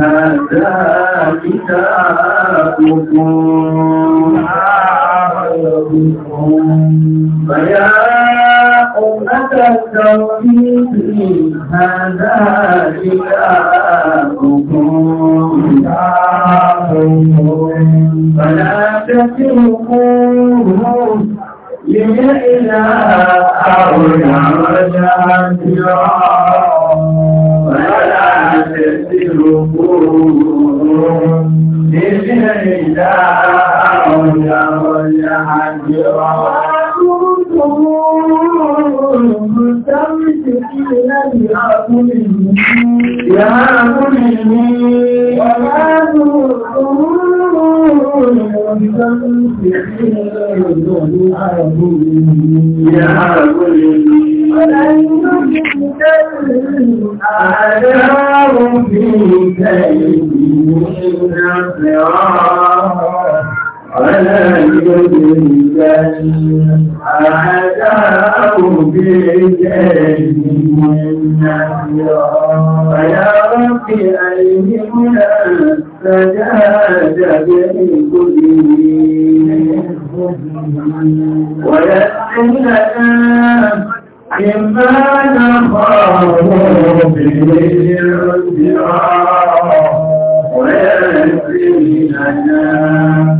هذا كتابكم فيا أمة التوحيد هذا كتابكم فلا تتركوه لمئلا أو يرجع ولا تسلكوهم بسم الله يا مؤمنين ولا تؤمنون Ààrẹ ọ̀rùn bí ìgbẹ̀ ìgbìyànjú ìrìnàjò ولا يجوزن عذاب بجهنم ويا رب أيهما استجاد بالكلين ويسألك مما نخاف به الفرار ويسألك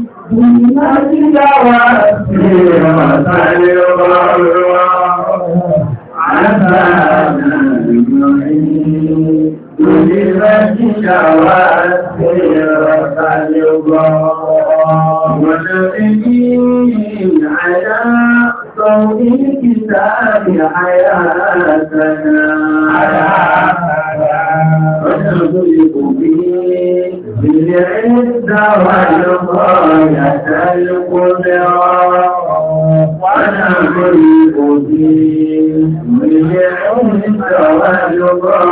Ìnájíjá wa sí ọ̀tàrí ọba rẹwà. Àtàrà Ìnájíjá wa sí ọ̀tàrí ọba. Wọ̀nà ẹni àyá sọ ní kìtà ونرزقكم به من العزة والغاية القدرى ونرزقكم به من العزة والغاية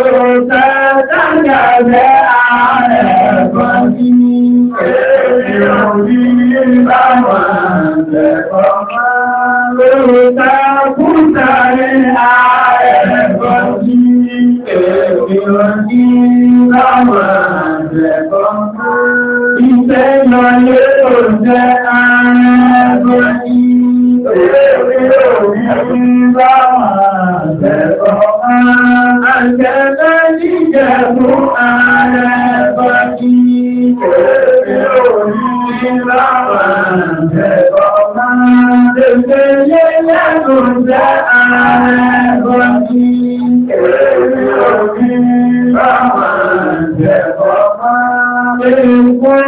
Òṣèlú tẹ́tẹ́ jẹ́ ààrẹ ẹ̀kọ́ sí i. Thank you.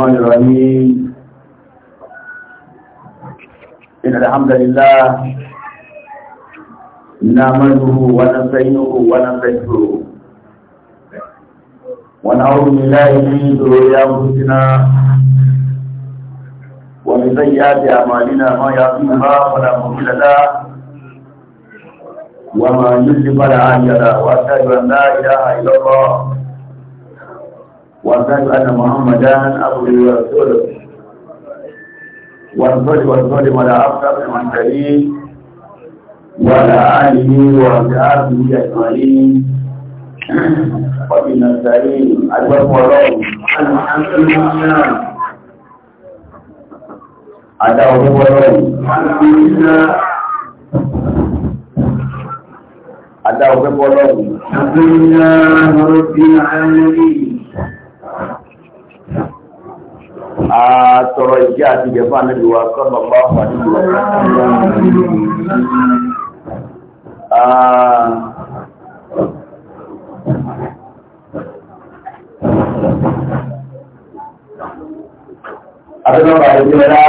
الرحمن الرحيم إن الحمد لله نعمده ونستعينه ونستغفره ونعوذ بالله من شرور أنفسنا ومن سيئات أعمالنا ما يهده الله فلا مضل له وما يضلل فلا هادي له وأشهد أن لا إله إلا الله وأشهد أن محمدا أبو ورسوله وأصلي وأسلم على أفضل المرسلين وعلى آله وأصحابه أجمعين وبنا السليم الوفو لهم الحمد لله أدعوه لهم الحمد لله أدعوه لهم الحمد لله رب العالمين àtọ̀rọ̀ ìjẹ́ àti ìjẹ̀fà níbi wa sọ́lọ̀ bá wà níbi wa Adọ́nàbà ìgbẹ́ra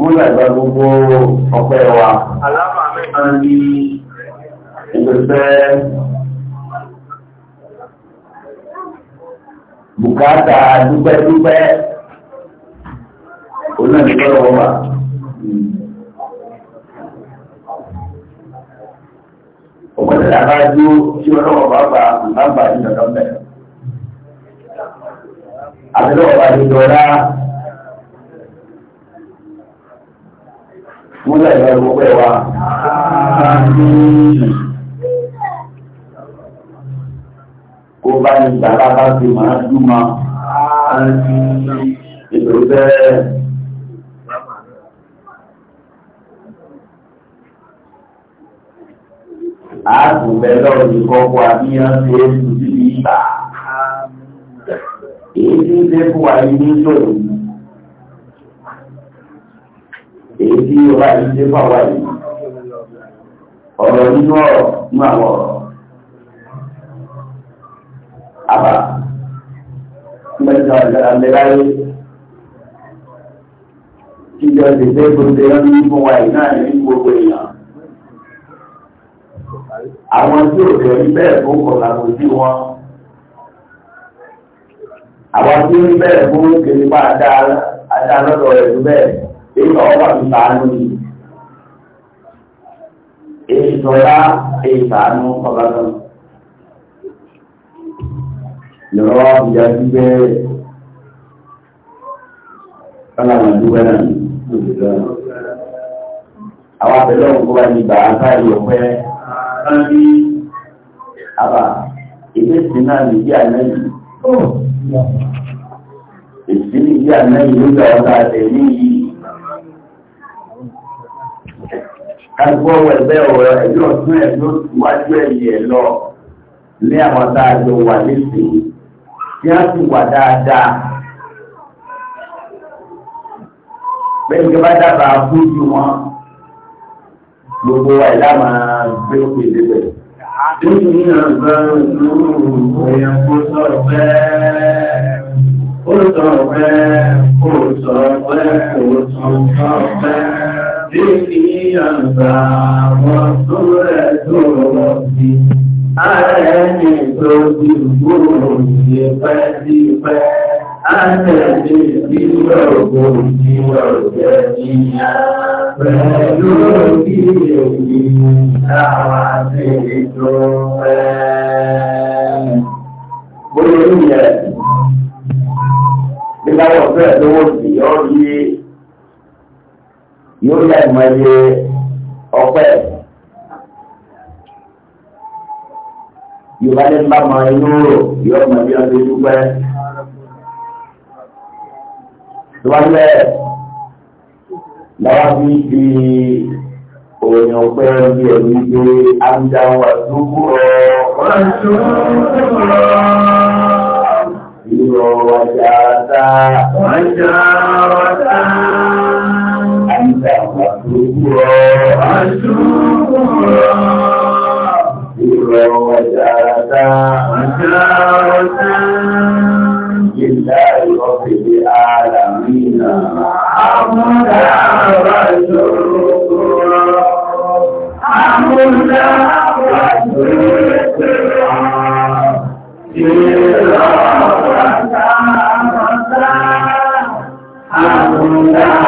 Múlẹ̀ ìgbà gbogbo ọpẹ́ wa. Àlámà mẹ́ta ní ìgbẹ̀fẹ́ Bukata, dúpẹ́dúpẹ́ onáàdúpẹ́ lọ́wọ́ wa. ọ̀pọ̀ tẹ̀lé abájú tí wọ́n lọ́wọ́ bá bá bàbá yìí lọ́dọ̀ mẹ́rin. àbẹ̀lọ́wọ́ bá yìí dọ̀ọ́lá wọ́n lọ́wọ́ ẹ̀rọ gbogbo wa. bá ní gbàrà bá ti máa dúmọ́ nítorí bẹ́ẹ̀. Ààbò bẹ́ẹ̀ lọ́rọ̀ ní kọ́kọ́ àbíyàn ṣe é tù sí ìgbà. Èyí tí ń ṣe fún wa yìí ní ìṣòro. Èyí tí ọba yìí ṣe fún wa yìí. Ọ̀rọ̀ nínú ọ̀rọ̀ nínú àwọn ọ̀rọ̀ àbá mẹ́ta ìgbàláyé ìjọ ìdíje gbogbo ẹ̀rọ ní fún wa ìná ní gbogbo èèyàn àwọn tí ò tẹ̀ ní bẹ́ẹ̀ fún kọ̀làkù sí wọn àwọn tí ó ní bẹ́ẹ̀ fún kiri bá adá lọ́dọ̀ rẹ̀ tó bẹ́ẹ̀ èyí ọ̀pá ti sàánú ni èyí sọ̀rá èyí sàánú ọ̀gá náà lọ́wọ́ àbújá sí bẹ́ ọlọ́run dúpẹ́ náà àwọn abẹ́lẹ́ òkú wa ní bàá káyọ̀ pẹ́ rí àbá ìgbésí náà ní bí ànáyì èsì ní bí ànáyì ló gbà ọ́ta àtẹ̀lé yìí kágbọ́ ẹgbẹ́ ọ̀rọ̀ ẹjọ́ ọ̀tún ẹ̀ ló wájú ẹ̀yẹ lọ ní àwọn tá wà nísìnyí tí wọ́n ti wà dáadáa. Bẹ́ẹ̀ni ìjọba dábàá kújú wọn gbogbo wa ìlànà gbé òkè débẹ̀. Nítorí àgbà ìlú èèyàn kò sọ̀rọ̀ bẹ́ẹ̀. Ó sọ̀rọ̀ bẹ́ẹ̀, ó sọ̀rọ̀ bẹ́ẹ̀, ó sọ̀rọ̀ bẹ́ẹ̀. Nítorí àgbà wọ́n tó rẹ̀ tó rọ̀ sí i. Ààrẹ tó ti gbòòrò yẹ pẹ́ sí pẹ́. Ààrẹ tí bí ọ̀gbọ̀ ní ọ̀jẹ́ ìyá. Pẹ̀lú kí èyí táwa ti tó pẹ́. Bóyá ní ẹ̀ bí láwọ̀ yóò yá ìmọ̀ iye ọpẹ́. Yorùbá ní bá máa inú rò yóò máa bí ọdún dúpẹ́. Tó bá lẹ̀ lọ́wọ́ bí fi òyìn ọ̀pẹ́ bí ẹ̀mí gbé ámúdá wà lókù rọ̀. Wọ́n tó lókù rọ̀. Ìrọ̀ wàjà ta. Wàjà wàjà. Ámúdá wà lókù rọ̀. Wàjà lókù rọ̀. البر والجارة وجارة لله رب العالمين حمد رسول حمد رسول الله حمد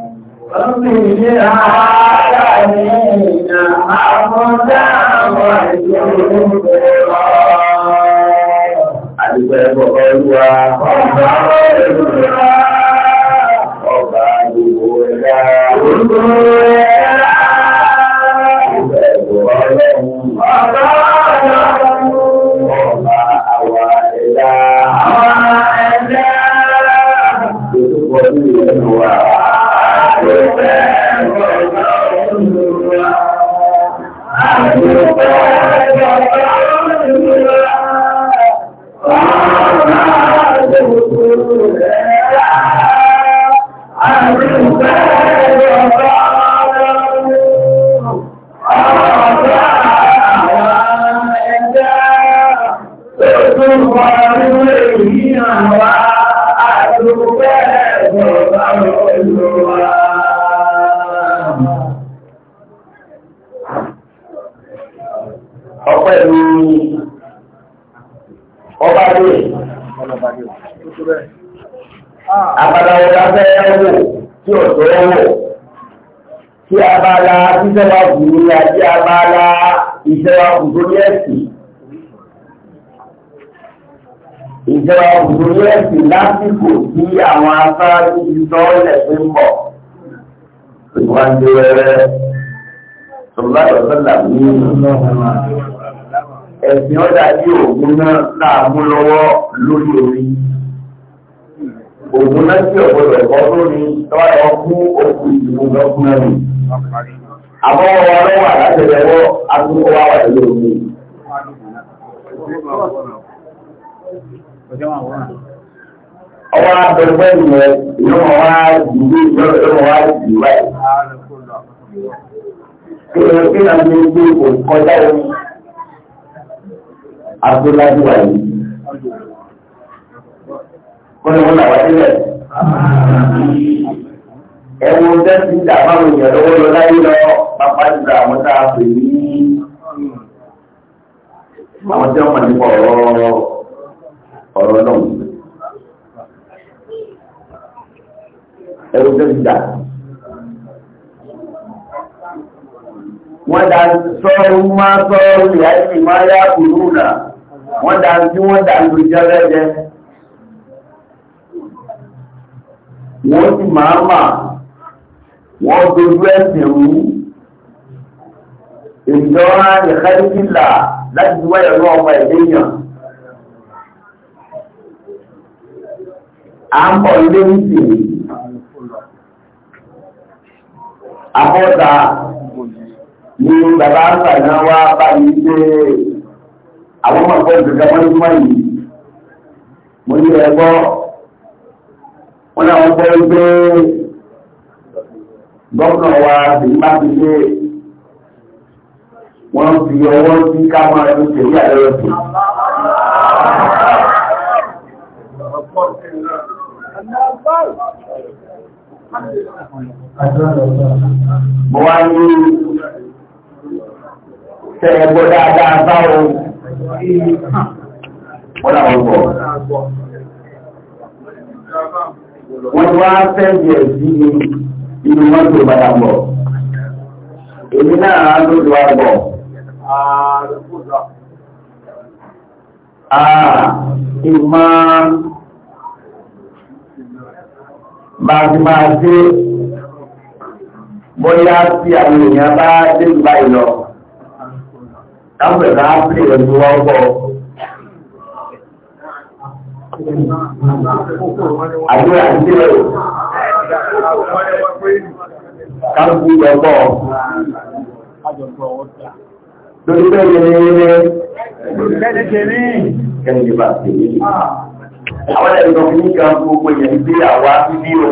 Obìnrin ará mi nà àmọ́dá àwọn ìṣòro ẹ̀rọ. Àdúgbò ẹ̀bọ̀ ọlúwa. Ọba olúwa. Ọba gbogbo ẹ̀dá. Gbogbo ẹ̀dá. Àdúgbò ẹ̀bọ̀ ọlọ́run. Ọba ọlọ́run. Ọba àwa ẹ̀dá. Àwa ẹ̀dá. Gbogbo ọdún ìlú wa bẹ́ẹ̀ lọ. lọ́wọ́ tí a bá la iṣẹ́ wa kù ní àti a bá la iṣẹ́ wa kù tó ní ẹ̀sìn. Ìjọba òṣèlú ẹ̀sìn lásìkò tí àwọn afárá ti sọ ilẹ̀ tó ń bọ̀. Ìwà ń ẹ̀sìn ọjà tí òògùn náà láàmú lọ́wọ́ lórí orí. ògùn náà sí ọ̀gbọ́dọ̀ ẹ̀kọ́ tọ́wọ́ ọkú òkú ìdìbò lọ́kùn náà nì. ọrụ ọlọ́wọ́ wà lórí ní wọ́n ní wọ́n làwọn sílẹ̀. ẹ̀wọ̀n tẹ́sí ń dàbá àwọn èèyàn lọ́wọ́ lọ láyé lọ pápá ìgbà àwọn tá a pè ní àwọn tí wọ́n mọ̀ nípa ọ̀rọ̀ ọ̀rọ̀ náà. ẹ̀wọ̀n tẹ́sí dà. wọ́n dá sọ́ọ́rù máa sọ́ọ́rù yáyí máa yá kùrú náà wọ́n dá bí wọ́n dá lójú ọlẹ́jẹ́. wọ́n sì máa mà wọ́n dojú ẹ̀sìn rú ìjọra ìkẹ́lẹ́kìlà láti wá ẹ̀rọ ọmọ ẹ̀lẹ́yàn à ń bọ̀ ilé nìsì àbọ́ta ni bàbá àgbà wá bá àwọn ọmọ ìgbẹ̀gbẹ̀ ní mo ní ẹgbọ́n wọ́n náà wọ́n gbọ́ pé gọ́ọ̀nà wa sì má fi lé wọ́n fi ọwọ́ sí káwọn ẹni tèmi àlọ́yọ̀ sí. Mo wá ní tẹ̀lé dáadáa báwo. Wọ́n náà wọ́n gbọ́ wọ́n wá fẹ́ẹ̀jẹ̀ sí inú mọ́tò padà bọ̀. Èmi náà ló ti wá bọ̀. Ìmọ̀ bàtìmá sí bóyá tí àwọn èèyàn bá dé ìgbà ìlọ. Táwọn ẹ̀ka á pè é lọ́wọ́ bọ̀ àdúrà sí ẹ̀rọ káàkù lọ́gbọ́ lórí bẹ́ẹ̀ kẹ́lẹ̀ bá ti rí àwọn ẹ̀rọ ní kan gbogbo èyàn bí àwa bí o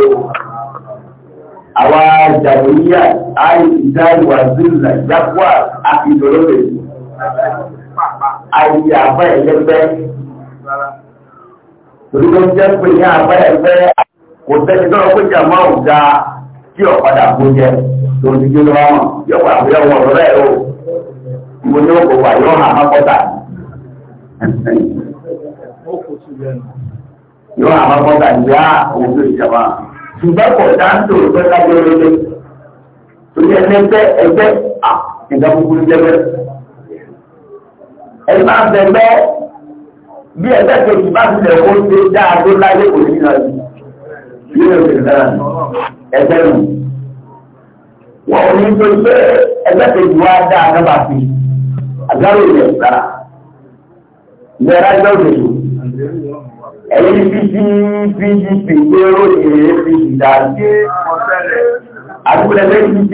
àwa jàmíyà àìdáìwà zílà jápọ̀ àti ìdọ̀lọ́bẹ̀ àìyà àbá ẹ̀lẹ́gbẹ́ torípé jẹ́ pé ní abẹ́ẹ̀fẹ́ kò tẹ́ni tó lọ pé jàmá ò ga kí ọ̀padà kó jẹ tó ti gbé lọ́wọ́ wọn yóò wà pé ọwọ́ rẹ̀ o mo ní òkò wà yóò hàn mọ́kọ́tà yóò hàn mọ́kọ́tà ìyá òun tó ìjàmá ṣùgbọ́n kò dáńtò pé kájọ lóde torí ẹgbẹ́ ẹgbẹ́ ìgbà gbogbo jẹ́ bẹ́ẹ̀ ẹ bí ẹgbẹ́ kejì bá ti lẹ̀ kó ṣe dáa tó láyé kò ní lọ sí ilé òkèèrè náà ẹgbẹ́ nù. wọ́n ò ní tó ṣe ẹgbẹ́ kejì wá dáa nọ́bà sí àgbáwò ilẹ̀ ìkara ní ẹ̀rá ìgbà òṣèlú ẹ̀yìn pdp pdp lérò èrè pdp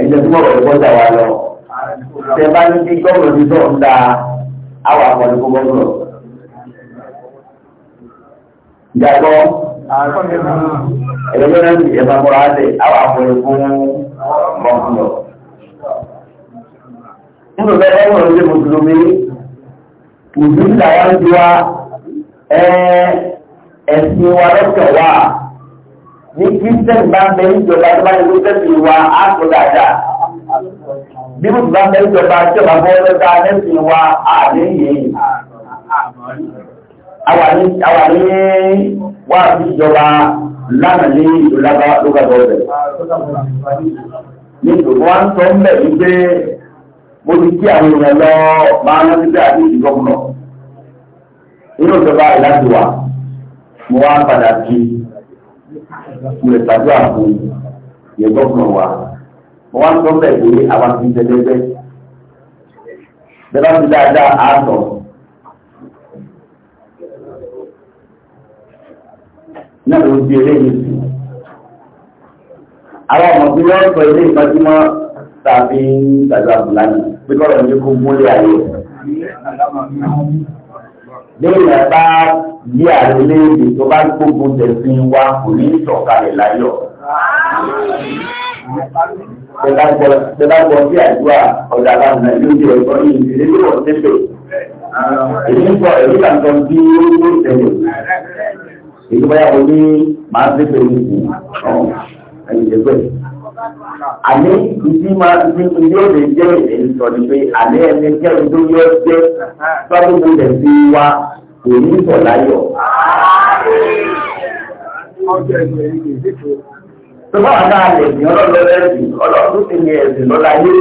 ẹ̀jẹ̀ tó mọ̀rọ̀ ìbọ́jà wa lọ. Ṣé bá ní bí gómìnà ti sọ̀rọ̀ ń da àwọn àkọ́ni kó gómìnà? Ìjàgbọ́. Ẹ̀jẹ̀ náà ti ìjẹba mọ́ra á lè àwọn àkọ́ni kó gómìnà. Nínú bẹ́ẹ̀ ẹ̀rọ ló dé Mùsùlùmí. Mùsùlùmí làwọn ti wá ẹ̀ẹ́sìn wa lọ́kẹ̀ wá ní christian bá ń bẹ níjọba tó bá ní ló tẹ̀sí wa á kó dáadáa bí mo bá ń bẹ níjọba tí ọba bọ́ lọ́ta lẹ́sìn wa á lè yìí àwa ní wà bí ìjọba lánàá ní ìlú lábá ló bá bọ́ bẹ̀. ní ìdòkó wa ń sọ ń bẹ̀ wípé mo ti kí àwọn èèyàn lọ máa ń rántí pé àti ìdìgọ́kùnà inú ìjọba ìlàjì mo wá padà kí i ilẹ̀ tàbí àpò yẹ gọ́ọ̀nà wa mo wá ń sọ bẹ́ẹ̀ pé àwa ti dẹ́dẹ́gbẹ́ bẹ́ẹ̀ bá ti dáadáa á sọ. náà ló di eléyìí sí àwọn ọmọ tí wọ́n sọ ilé ìgbàjúmọ́ tàbí tàbí àbùlá ni pé kọ́rọ̀ ní kó múlẹ̀ ayé lẹ́yìn àbá bí ààrẹ léèdè tó bá gbógun tẹ̀sìn wa kò ní ìsọ̀kalẹ̀ láyọ̀. Tẹ́lá gbọ́ sí àdúrà ọ̀dà lánà lóde ẹ̀gbọ́n yìí ìdílé tí wọ́n tẹ́lẹ̀. Èyí ń sọ èyí kà ń sọ bí ó ń tẹ̀lé. Èyí báyà wọ́n àní ìdí máa ní ilé òde jẹ́ ìlẹ̀ sọ ni pé àní ẹni jẹ́ ìdó yọ jẹ́ sọ́dúnbù rẹ̀ sí wa kò ní sọ láyọ̀. Sọ́kọ́ àti àlẹ̀ ní ọlọ́dún ẹ̀sìn ọlọ́dún ti ní ẹ̀sìn lọ́láyé.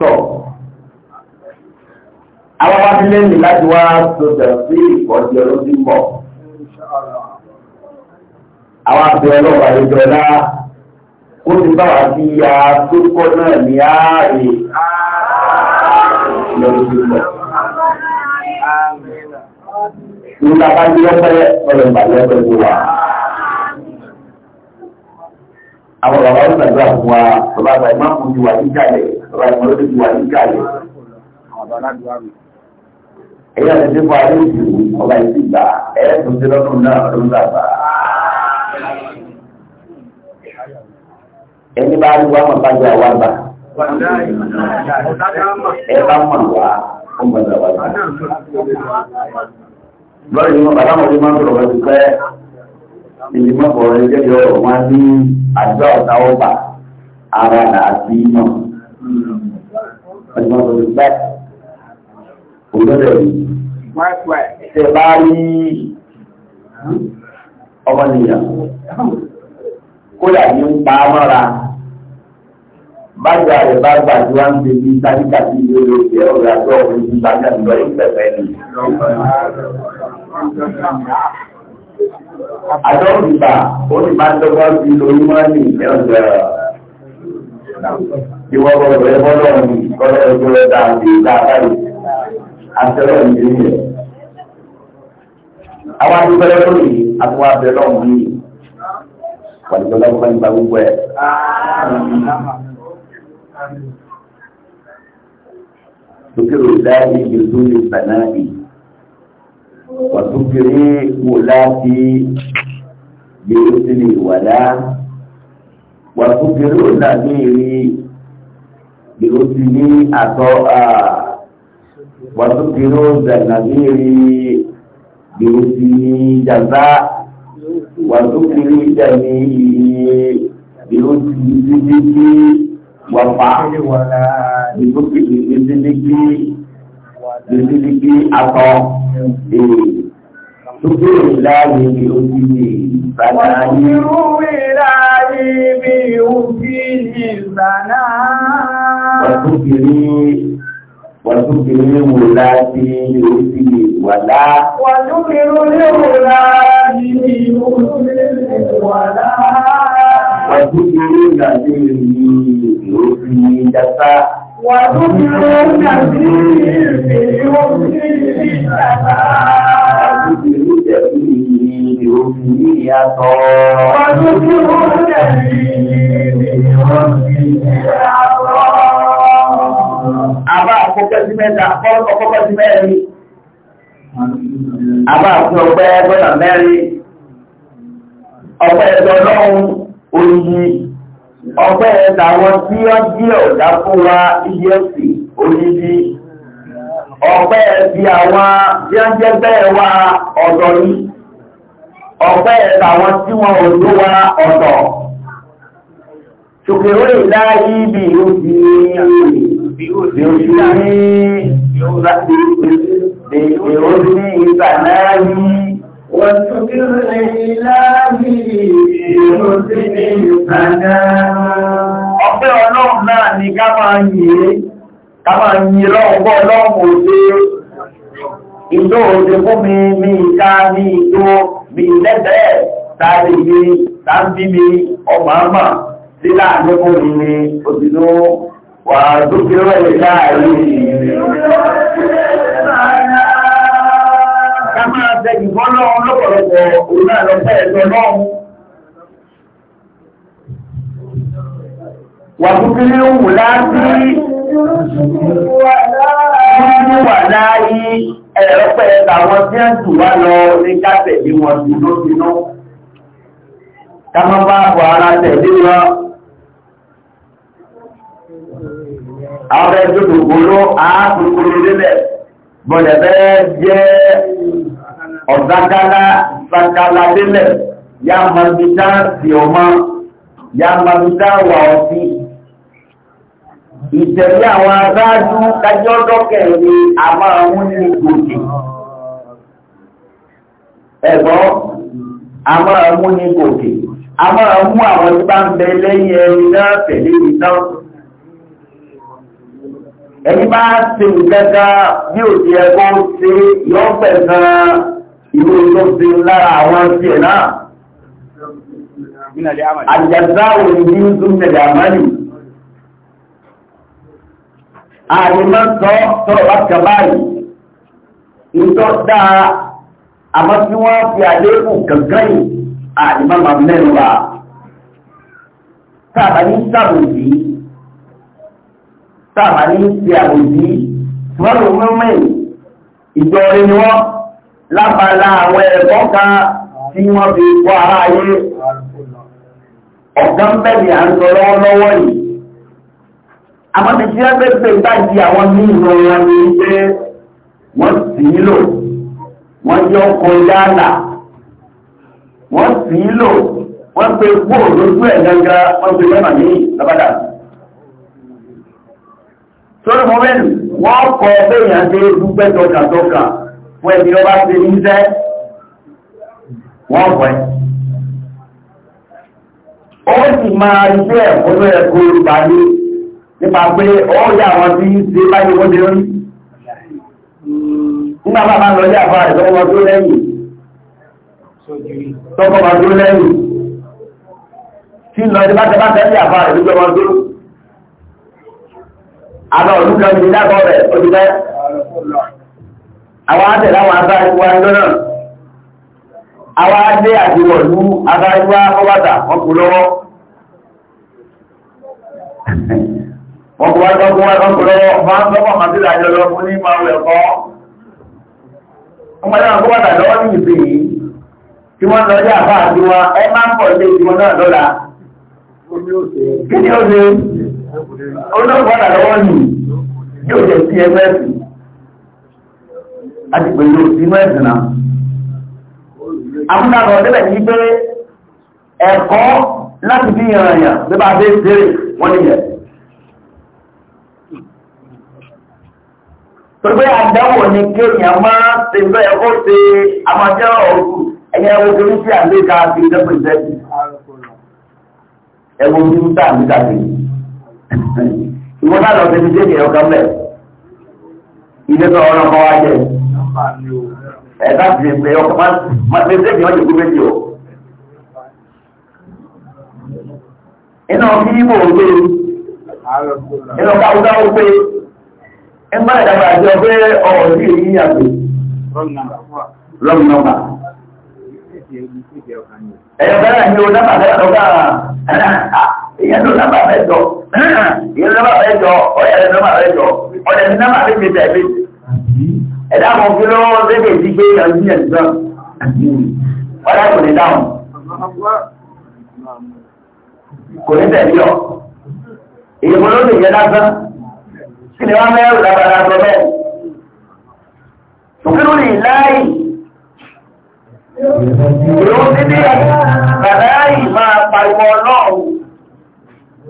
Tọ́ àwọn wá sílẹ̀ ní láti wá sọ̀tẹ̀ sí ìkọ́jọ́ lójú mọ́ àwọn àbẹ̀ ọlọ́pàá lè jọlá ó ti bá wà sí ya tó kọ́ náà ní ààrẹ lọ́dúnlọ́. Nígbà bá ní ọpẹ́ ọ̀rọ̀ ìbàlẹ̀ ọpẹ́ tó wà. Àwọn bàbá ó gbàgbà fún wa, bàbá àgbà ìmá kò ti wà ní ìjàlẹ̀, bàbá ìmọ̀ ló ti wà ní ìjàlẹ̀. Ẹ̀yà ti dé fún alẹ́ ìsìn ọba ìsìn gbà, ẹ̀ẹ́ tó náà ló ń ẹni bá rí wá màá bájá wá bá ẹ bá mọ̀ wá ó mọ̀ bá wá bá. lọ́rọ̀ yìí mọ̀ bàbá mọ̀ bí máa ń sọ̀rọ̀ wọ́n ti pẹ́ ìdí mọ̀ bọ̀ ẹ jẹ́ yọ̀rọ̀ ní àjọ ọ̀tá ara nà àti mọ̀. ọ̀dùnmọ̀ ọmọ nìyàn kódà ní ń pa mọ́ra bájà rẹ̀ bá gbàjú wá ń gbé bí sáyíkà sí ilé ló jẹ́ ọ̀rẹ́ àti ọ̀rẹ́ ní bájà lọ ìpẹ̀pẹ̀ ni. Àjọ ìgbà ó ti máa ń dọ́gbọ́n sí lórí mọ́ni ẹ̀rọ ìwọ gbọdọ̀ ẹ̀fọ́ lọ́rùn kọ́lẹ́ ẹgbẹ́ dáa sí dáa báyìí. Àtẹ̀rẹ̀ àwọn adúgbẹ́lẹ́ tó yìí àbúwá abẹ́lẹ́ ọ̀hún yìí wàlúgbẹ́lẹ́ ọ̀hún nípa gbogbo ẹ̀. Tukiri láti gbèsò lè bàná bì. Wàtukiri wò láti gbèsò lè wàlá. Wàtukiri wò láti rí gbèsò lè àtọ́ à. Wàtukiri wò láti rí بحسن جزاء وذكر جميل بحسن صدق وفعل ولا بذكر بصدق بصدق عطاء شكر الله بحسنه ثنائي وشكر الله بحسنه ثنائي Wàdúkìrì wò láti orí wà láà. Wàdúkìrì wò láti orí wà láà. Wàdúkìrì láti orí jàtà. Wàdúkìrì láti orí jàtà. Wàdúkìrì láti orí yàtọ̀. Wàdúkìrì láti orí yàtọ̀. Àbá kọ́kọ́ sí mẹ́ta kọ́kọ́ kọ́kọ́ sí mẹ́rin àbá àfin ọpẹ́ gbọ́dọ̀ mẹ́rin ọpẹ́ ẹ̀dọ́ lọ́hùn oyi ọpẹ́ ẹ̀dàwọn tí ó jí ọ̀dá fún wa iye sí oníbi ọpẹ́ ẹ̀dí àwọn tí ó ń jẹ́ bẹ́ẹ̀ wa ọ̀dọ̀ yìí ọpẹ́ ẹ̀dàwọn tí wọn ò ló wa ọ̀dọ̀ ṣùgbọ́n ìlà yìí bí ó di ní àárín بحسن فناهي وشكر لإلهي بحسن فناهي Ọpẹ́ ọlọ́run náà ni ká máa yìí, ká máa yìí lọ́wọ́ ọlọ́run òṣè ìjọ òṣè fún mi ní ìka ní ìjọ mi lẹ́tẹ̀ẹ́ tàbí mi tàbí mi ọmọ àmà sílá àjẹ́kùnrin ni òṣìlú وذكر الكائن Kámá tẹ́jì fọ́n lọ́wọ́ lọ́pọ̀lọpọ̀ òun náà lọ fẹ́ ẹ̀tọ́ náà. Wà fún kí ní wù láti ní wà láyé ẹ̀rọ pẹ̀ tàwọn tí ń tù wá lọ ní kátẹ̀lé wọn dúnú dúnú. Kámá àwọn bẹ́ẹ̀ tó dùn gbòòrò àákùnkùn lélẹ̀ bọ̀dẹ̀ bẹ́ẹ̀ jẹ́ ọ̀dákálá sakala lélẹ̀ yá mọ̀mídá sí ọmọ yá mọ̀mídá wà ọtí ìtẹ̀lé àwọn aráàlú kájọ́ dọ́kẹ̀ ni a máa ń ní gòkè ẹ̀gbọ́n a máa mú ní gòkè a máa mú àwọn tí bá ń bẹ lẹ́yìn ẹni náà tẹ̀lé ìtàn ẹni bá ṣe ìkẹta bí ò ti ẹkọ́ ṣe yọ́pẹ̀ gan ìwé tó ṣe lára àwọn tí ẹ̀ náà àjàdá òní bí ń tún tẹ̀lé àmàlì àyèmọ́ sọ sọ̀rọ̀ bá kà báyìí ìtọ́ dáa àmọ́ tí wọ́n fi àlékún kankan yìí àyèmọ́ màmẹ́rin wa táàbà ní yìí táàmà ní ti àwòjí mọ́rù mímọ̀ ìjọ orí ni wọ́n lábàlá àwọn ẹ̀kọ́ kan tí wọ́n fi kọ́ ara ayé ọ̀gán bẹ́ẹ̀ni à ń sọ lọ́wọ́lọ́wọ́ yìí àwọn ti fi ẹgbẹ́ pé gbájí àwọn ní ìlú wọn ni pé wọ́n sì í lò wọ́n jẹ́ ọkọ̀ yálà wọ́n sì í lò wọ́n pe gbóòdójú ẹ̀ gangan wọ́n pe lọ́nà ní lọ́bàdà torí mo mẹ́nu wọ́n kọ bẹ́yàn tí ó dúpẹ́ tọ́kàtọ́kà fún ẹbí ọba ti ní jẹ́ wọ́n pẹ́ ó sì máa rí pé ẹ̀kọ́ ló ẹ̀kọ́ yorùbá ní nípa pé ó yà wọn tí ṣe báyìí wọ́n dé rí nígbà bá máa lọ sí àbá ìtọ́kọ́ tó lẹ́yìn tọ́kọ́ tó lẹ́yìn tí lọ sí bá tẹ́ bá tẹ́ sí àbá tó àwọn olùkọ́ ti dákọ̀ rẹ̀ olùkọ́ àwọn àtẹ̀lá àwọn afáríwá ẹjọ́ náà àwọn adé àti wọ̀lú afáríwá ọwọ́ta wọn kò lọ́wọ́ wọn kò wá tọ́kún wá tọ́kún lọ́wọ́ máa ń tọ́kọ̀ màtí ìdájọ́ lọ fún ní máa wẹ̀ kọ́ ọmọdé wọn kó wàtà lọ́wọ́ ní ìpín yìí tí wọ́n lọ sí àfáà tiwa ẹ máa ń pọ̀ sí ìwọ náà lọ́la kí ni ó ṣe olóògbọ́dà lọ́wọ́ ní yóò jẹ́ sí ẹgbẹ́ ẹ̀sìn àti pẹ̀lú inú ẹ̀sìn náà àmúdàbọ̀ débẹ̀ ní pé ẹ̀kọ́ láti bí ìrànyà bí bá dé sèrè wọ́n ní yẹ̀ tó gbé àdáwò ní kéèyàn máa ṣe bẹ́ẹ̀ ó ṣe àmàjẹ́ ọ̀rùn ẹ̀yẹ ogun tí àgbéga fi dẹ́pẹ̀ẹ́sẹ̀ ẹ̀wọ̀n tí ń tà nígbàgbé ìwọ náà lọ sí ti déèdì ọ̀kan bẹ̀ ilé tó ọ̀rọ̀ ọkọ̀ wa jẹ ẹ̀dá ti pé ọkọ̀ máa ti déèdì ọ̀jẹ̀ kú méjì o. iná kí ibo ò gbé iná káwùdá ó gbé ẹgbẹ́ ìdàgbà àti ọgbẹ́ ọ̀rọ̀ sí èyí àgbè lọ́gbọ̀n nọ́mbà ẹ̀yọ̀ bẹ́ẹ̀ ni o dábàá ìyẹn ló lábàá mẹ́jọ ìyẹn ló lábàá mẹ́jọ ọ̀yẹ́ ló lábàá mẹ́jọ ọ̀dẹ̀ ní lábàá méje tẹ̀lé ẹ̀dá kan fi lọ́wọ́ lédè tí gbé yanjú yẹn gbọ́n ọ̀dà kò ní dáhùn kò ní tẹ̀lé ọ ìyẹn ló lè yẹ lásán kí ni wọ́n mẹ́rù lábàá lásán bẹ́ẹ̀ sùkúrú ní láì ìròyìn bíbí bàbá yìí máa pariwo ọlọ́run.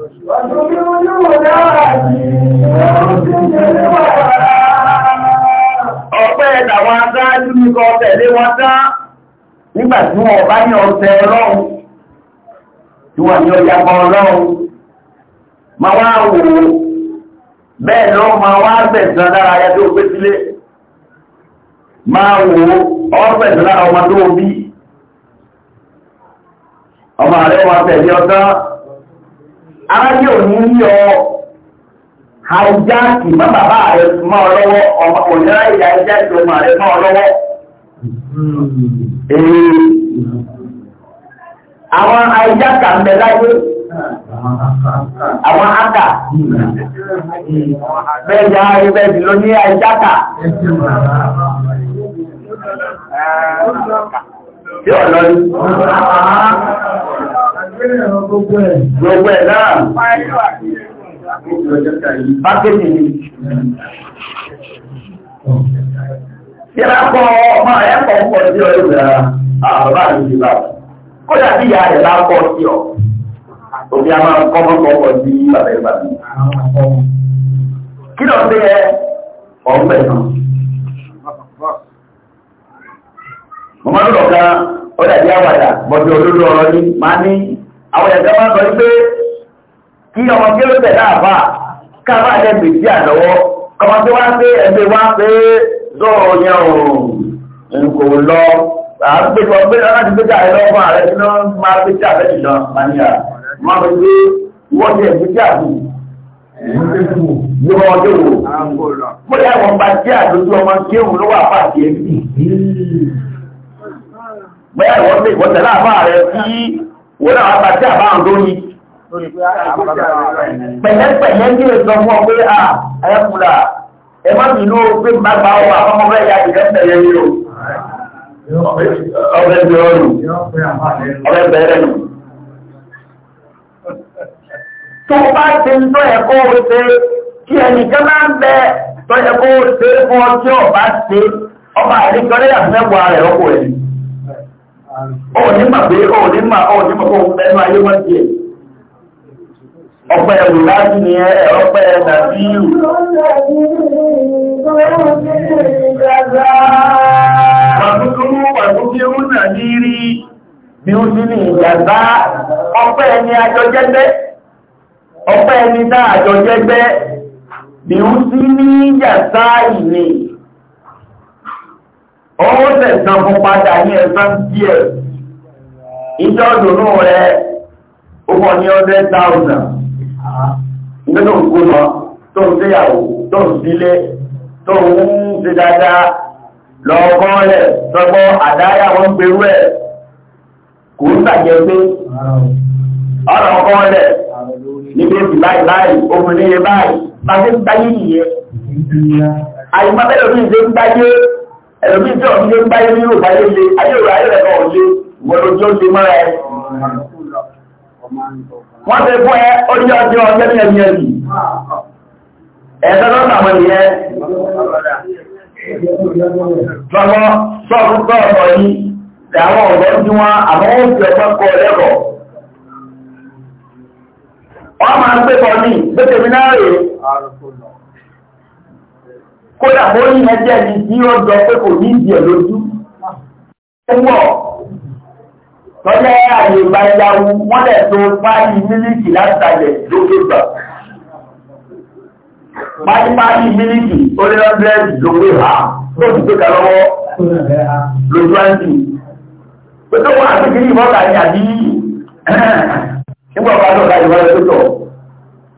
Ọpẹ́ ẹ̀dàwọn aṣáájú ní kọ tẹ̀lé wọn dá nígbà tí bá ní ọ̀tẹ̀ ọlọ́run tí wọ́n ní ọjà ọlọ́run. Ma wá wò bẹ́ẹ̀ lọ ma wá bẹ̀sán lára ayá tó gbé Ma wò ọmọ tó bí. Ọmọ rẹ̀ tẹ̀lé aráyé òní ní ọ àìjáàkì má bàbá rẹ mọ́ ọ lọ́wọ́ ọmọ òníra ìyá àìjáàkì ọmọ rẹ mọ́ ọ lọ́wọ́ hmm. àwọn àìjáàkà ń bẹ láyé àwọn àkà bẹ́ẹ̀ ni ààrẹ bẹ́ẹ̀ sì lọ ní àìjáàkà tí Gbogbo ẹ̀ náà. Bákẹ́jì ni. Yẹ́ra ọmọ ẹ̀kọ́ pọ̀ sí ọ lóòrà ah, àbá ìjìlá. Kó dàbí ìyá rẹ̀ lápọ̀ sí ọ. Òbí a máa kọ́ mọ́kọ́ pọ̀ sí bàbá ìbá. Kí lọ sí ẹ ọ̀gbẹ̀ náà? Mọ̀mọ́dún àwọn ẹ̀gbẹ́ máa sọ wípé kí ọmọ kí ló tẹ̀lé àbá ká bá jẹ́ gbèsè àlọ́wọ́ kọmọ tó wá pé ẹgbẹ́ wá pé zọ́ọ̀ yẹn òun kò lọ à ń pè fún ọgbẹ́ láti gbé jáde lọ́wọ́ ààrẹ tí wọ́n máa gbé jáde jùlọ mania máa fi gbé wọ́n ti ẹ̀gbẹ́ jáde ní wọ́n tó wò mo yà wọ́n bá jẹ́ àdójú ọmọ kí òun ló wà pàṣẹ bóyá ìwọ́n tẹ̀lé àbá rẹ̀ wọ́n àwọn àbájá àbáhùn tó yí pẹ̀lẹ́pẹ̀lẹ́ ní ẹ̀sọ́ fún ọ pé à ẹ̀kùnlà ẹ má bínú pé má gbà ọ àkọ́kọ́ bẹ́ẹ̀ ya ìrẹ́pẹ̀ yẹn yìí o ọ̀rẹ́ bí ọrùn ọ̀rẹ́ bẹ̀rẹ̀ ọba ṣe ọba àdéjọ́lẹ́yà mẹ́wàá ẹ̀yìn. ọ̀ní mà pé ọ̀ní mà ọ̀ní mà fún ẹnu ayé wọ́n ti ẹ̀ ọpẹ́ ẹ̀rù láti ní ọpẹ́ nàbíyù pàtúkúrú pàtúkúrú náà ní rí bí ó sí ní ìjàzá ọpẹ́ ẹni àjọjẹ́gbẹ́ ọpẹ́ ẹni tá àjọjẹ́gbẹ́ bí owó tẹ̀sán fún padà ní ẹ̀sán díẹ̀ ìjọ ìdùnnú rẹ̀ ó mọ̀ ní ọdẹ́ táùsàn nígbà tó ń kó lọ tó ń séyàwó tó ń sílé tó ń ṣe dáadáa lọ́ọ̀kọ́ rẹ̀ sọ́gbọ́ àdáyà wọ́n pẹ̀lú ẹ̀ kò ń tàjẹ́ pé ọ̀rọ̀ ọkọ́ rẹ̀ níbi èsì báyìí báyìí obìnrin yẹ báyìí bá ṣe ń gbáyé nìyẹn àyùmọ́ bẹ́ẹ̀ lórí ẹlòmíì tí ọ̀hún lé báyé nínú báyé lé ayé rẹ̀ ayé rẹ̀ náà lé wọ̀lọ́ tí ó lé mọ́ra ẹ. wọ́n ti fún ẹ ọjọ́ ọjọ́ ọjọ́ ní ẹ̀mí ẹ̀mí ẹ̀ẹ́dọ́dọ́ sàmọ̀ nìyẹn. sọ̀rọ̀ sọ̀rọ̀ sọ̀rọ̀ yìí làwọn ọ̀dọ́ tí wọ́n àwọn ó fi ọgbọ́n kọ lẹ́kọ̀ọ́. wọ́n máa ń pè kọ́ ní gbẹ́tẹ̀mí náà rèé kódà bó ní ẹjẹ́ ni tí ó jọ pé kò ní ìdí ẹ̀ lójú ó wọ̀ lọ́jọ́ àyè ìgbàyàwó wọ́n lẹ̀ tó páálí mílíkì látàlẹ̀ lókègbà páálí páálí mílíkì ó lé lọ́dẹ́rẹ́dì lókè ha tó ti gbéka lọ́wọ́ lójú àǹtì ó tó wọ́n àti kiri ìmọ̀ta ní àbí nígbà wọn lọ́ka ìwọ́n lọ́tọ̀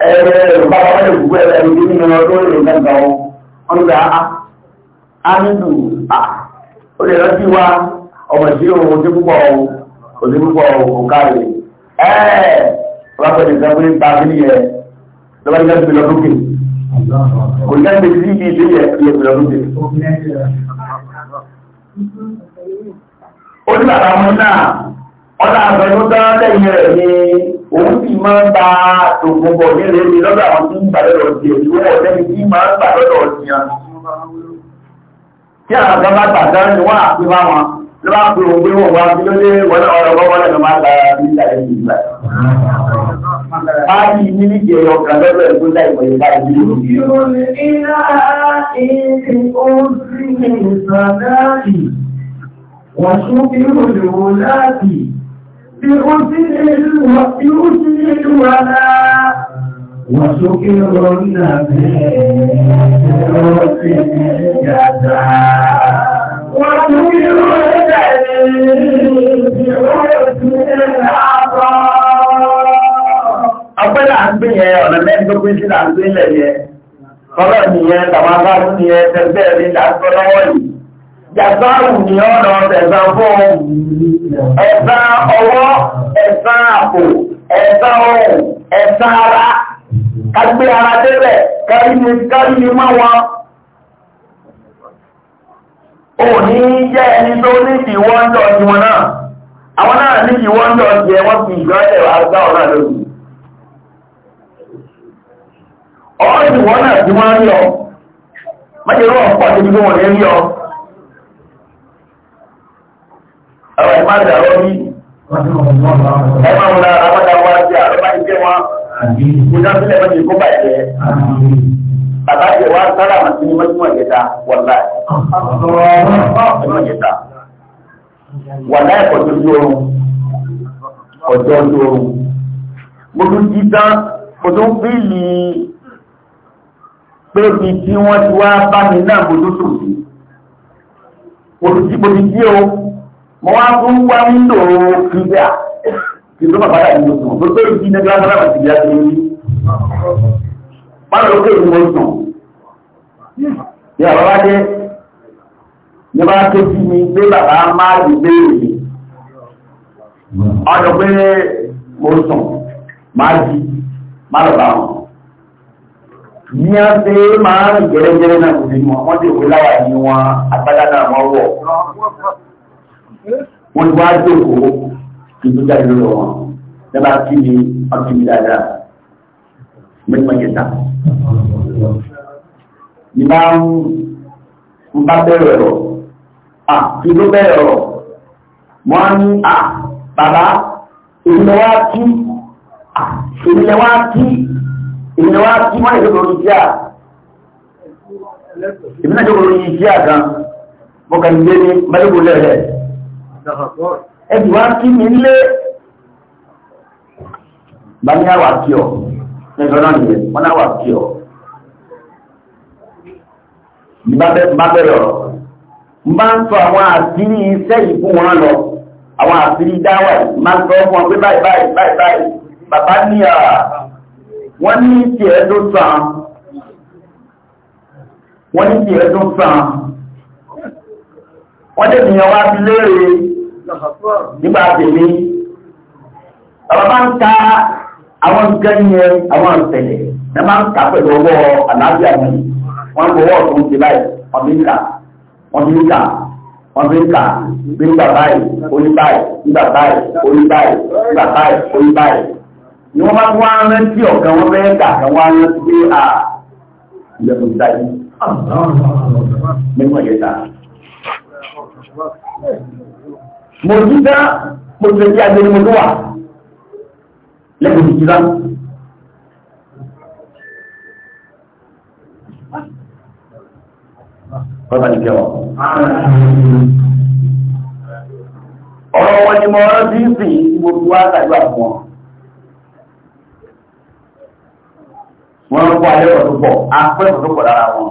ẹ̀ẹ́dẹ̀ẹ́dẹ̀ bá wọn lè gbogbo ẹ̀ẹ́dẹ̀ ọ̀gbà àmìnú ó lè rántí wá ọmọ ìṣirò òde púpọ̀ òde púpọ̀ òkàrè ẹ́ẹ̀ ọlọ́pẹ̀lẹ̀ ìjọba ń ta abílí yẹ lọ́wọ́ ìjọba ń lọ lókè kò ní ẹgbẹ́ sí ìdí yẹ ìyẹ lọ lókè. ó ní bàbá wọn náà ọ̀nà àgbẹ̀núgbà lẹ́yìn rẹ̀ ni òun sì máa ń gba ògùn ní rèé lọ́dọ̀ àwọn tí ń gbà lọ́dọ̀ ọ̀dì èyí wọ́n ọ̀dẹ́ni tí máa ń gbà lọ́dọ̀ ọ̀dì yẹn tí àwọn kan bá gbà tán wọ́n àfi bá wọn ló bá pe òun pé wọ́n wá sí lóde wọlé ọ̀rọ̀ bọ́ wọlé ló gba níta ẹ̀yìn ìgbà Báyìí ní níjẹ̀ ọkàn lọ́dọ̀ ẹ̀kọ́ láì wọ̀nyí báyìí. wọ́n tún bí òjò láti يرسل الولاء وسكرن برسل الجزاء وسكر الدليل برسل العطاء Ọgbẹ́lá ń gbé yẹn ọ̀nà mẹ́rin tó pín sí là ń gbé lẹ̀ yẹn. Ọlọ́run yẹn, tàbátá fún yẹn, tẹ̀gbẹ́ rí là ń gbọ́ lọ́wọ́ yìí. Jàbá òní ọ̀nà ẹ̀sán fún ẹ̀sán ọwọ́, ẹ̀sán àpò, ẹ̀sán ohun, ẹ̀sán ara, kágbé ara délẹ̀, kárí ni kárí ni máa wọn. ní jẹ́ ẹni tó ní ìwọ́ndọ̀ ni wọn náà. Àwọn náà ní ti wọ́n fi ìgbọ́lẹ̀ wà gbá ọ̀nà lórí. ọ. àwọn ẹ̀má ìdàrọ́ bí ẹ̀má wọn lára àpáta wá sí àrọ́bá ìjẹ́ wọn kò já sílẹ̀ wọ́n ti kó bà jẹ́ bàbá jẹ́ wá sára àmà sí ní mọ́júmọ́ ìjẹta wọ̀lá ìjẹta wọ̀lá ẹ̀kọ́ tó ju oorun ọjọ́ ju oorun mo tún jí tán mo tún fíìlì pé bí tí wọ́n ti wá bá mi náà mo tún sòdì mo tún jí mo ti jí o mo wá fún wá ń lò ó kiri à kí ló bàbá yà nínú sùn tó tó ìdí nígbà tó lábàtì bí a ti rí wọn lọ kí èmi mo sùn ìyá bàbá dé ní bá ké sí mi pé bàbá máa lè béèrè ọdún pé mo sùn máa di máa lọ bá wọn ní a ṣe máa ń gẹ́rẹ́gẹ́rẹ́ náà kò sí mọ́ wọ́n ti wé láwà ní wọn agbádá náà wọ́n wọ̀ wọ́n ti wá jókòó ìlú jáde lọ́wọ́ wọn lẹ́bàá kí ni ọtí mi dáadáa mẹ́tìmọ̀ jẹta. Ní máa ń bá bẹ̀rẹ̀ rọ̀, à kí ló bẹ̀rẹ̀ rọ̀, wọ́n á ní à bàbá ènìyàn wá kí ènìyàn wá kí ènìyàn wá kí wọ́n lè lórí jẹ́ à. Èmi náà jókòó lórí jẹ́ à gan, mo kàn ń ẹ̀dùn wá kí mi lé bá ní àwà kí ọ ẹ̀sọ́ náà nìyẹn wọ́n náà wà kí ọ bá bẹ̀rẹ̀ ọ̀rọ̀ bá ń sọ àwọn àṣírí iṣẹ́ yìí fún wọn lọ àwọn àṣírí dáwà máa ń sọ fún wọn pé báyìí báyìí báyìí báyìí bàbá ní à wọ́n ní tiẹ̀ tó tó sàn wọ́n tẹ́ ìyàn wá sí léèrè nígbà tèmi bàbá bá ń ta àwọn nǹkan yẹn àwọn ìṣẹ̀lẹ̀ ẹ máa ń kà pẹ̀lú ọwọ́ àlàáfíà mi wọ́n ń bọ̀wọ́ tó ń ṣe báyìí wọ́n fi ń kà wọ́n fi ń kà wọ́n fi ń kà bí nígbà báyìí orí báyìí nígbà báyìí orí báyìí nígbà báyìí orí báyìí ni wọ́n bá wá rántí ọ̀kan wọ́n fẹ́ kà kan wá rántí pé à ìyẹ̀kùn ìdájí. Mẹ́gbọ̀n yẹn ta mo jí dá mo ti rí ajé mo tó wà lẹ́kùn ti jí dá. Kọ́ta ní kẹwàá. Ọ̀rọ̀ wọn ni mo rántí sí gbogbo àtàgbà fún ọ. Wọ́n ń kọ́ ayẹ́rọ̀ tó pọ̀, apẹ́rọ̀ tó pọ̀ lára wọn.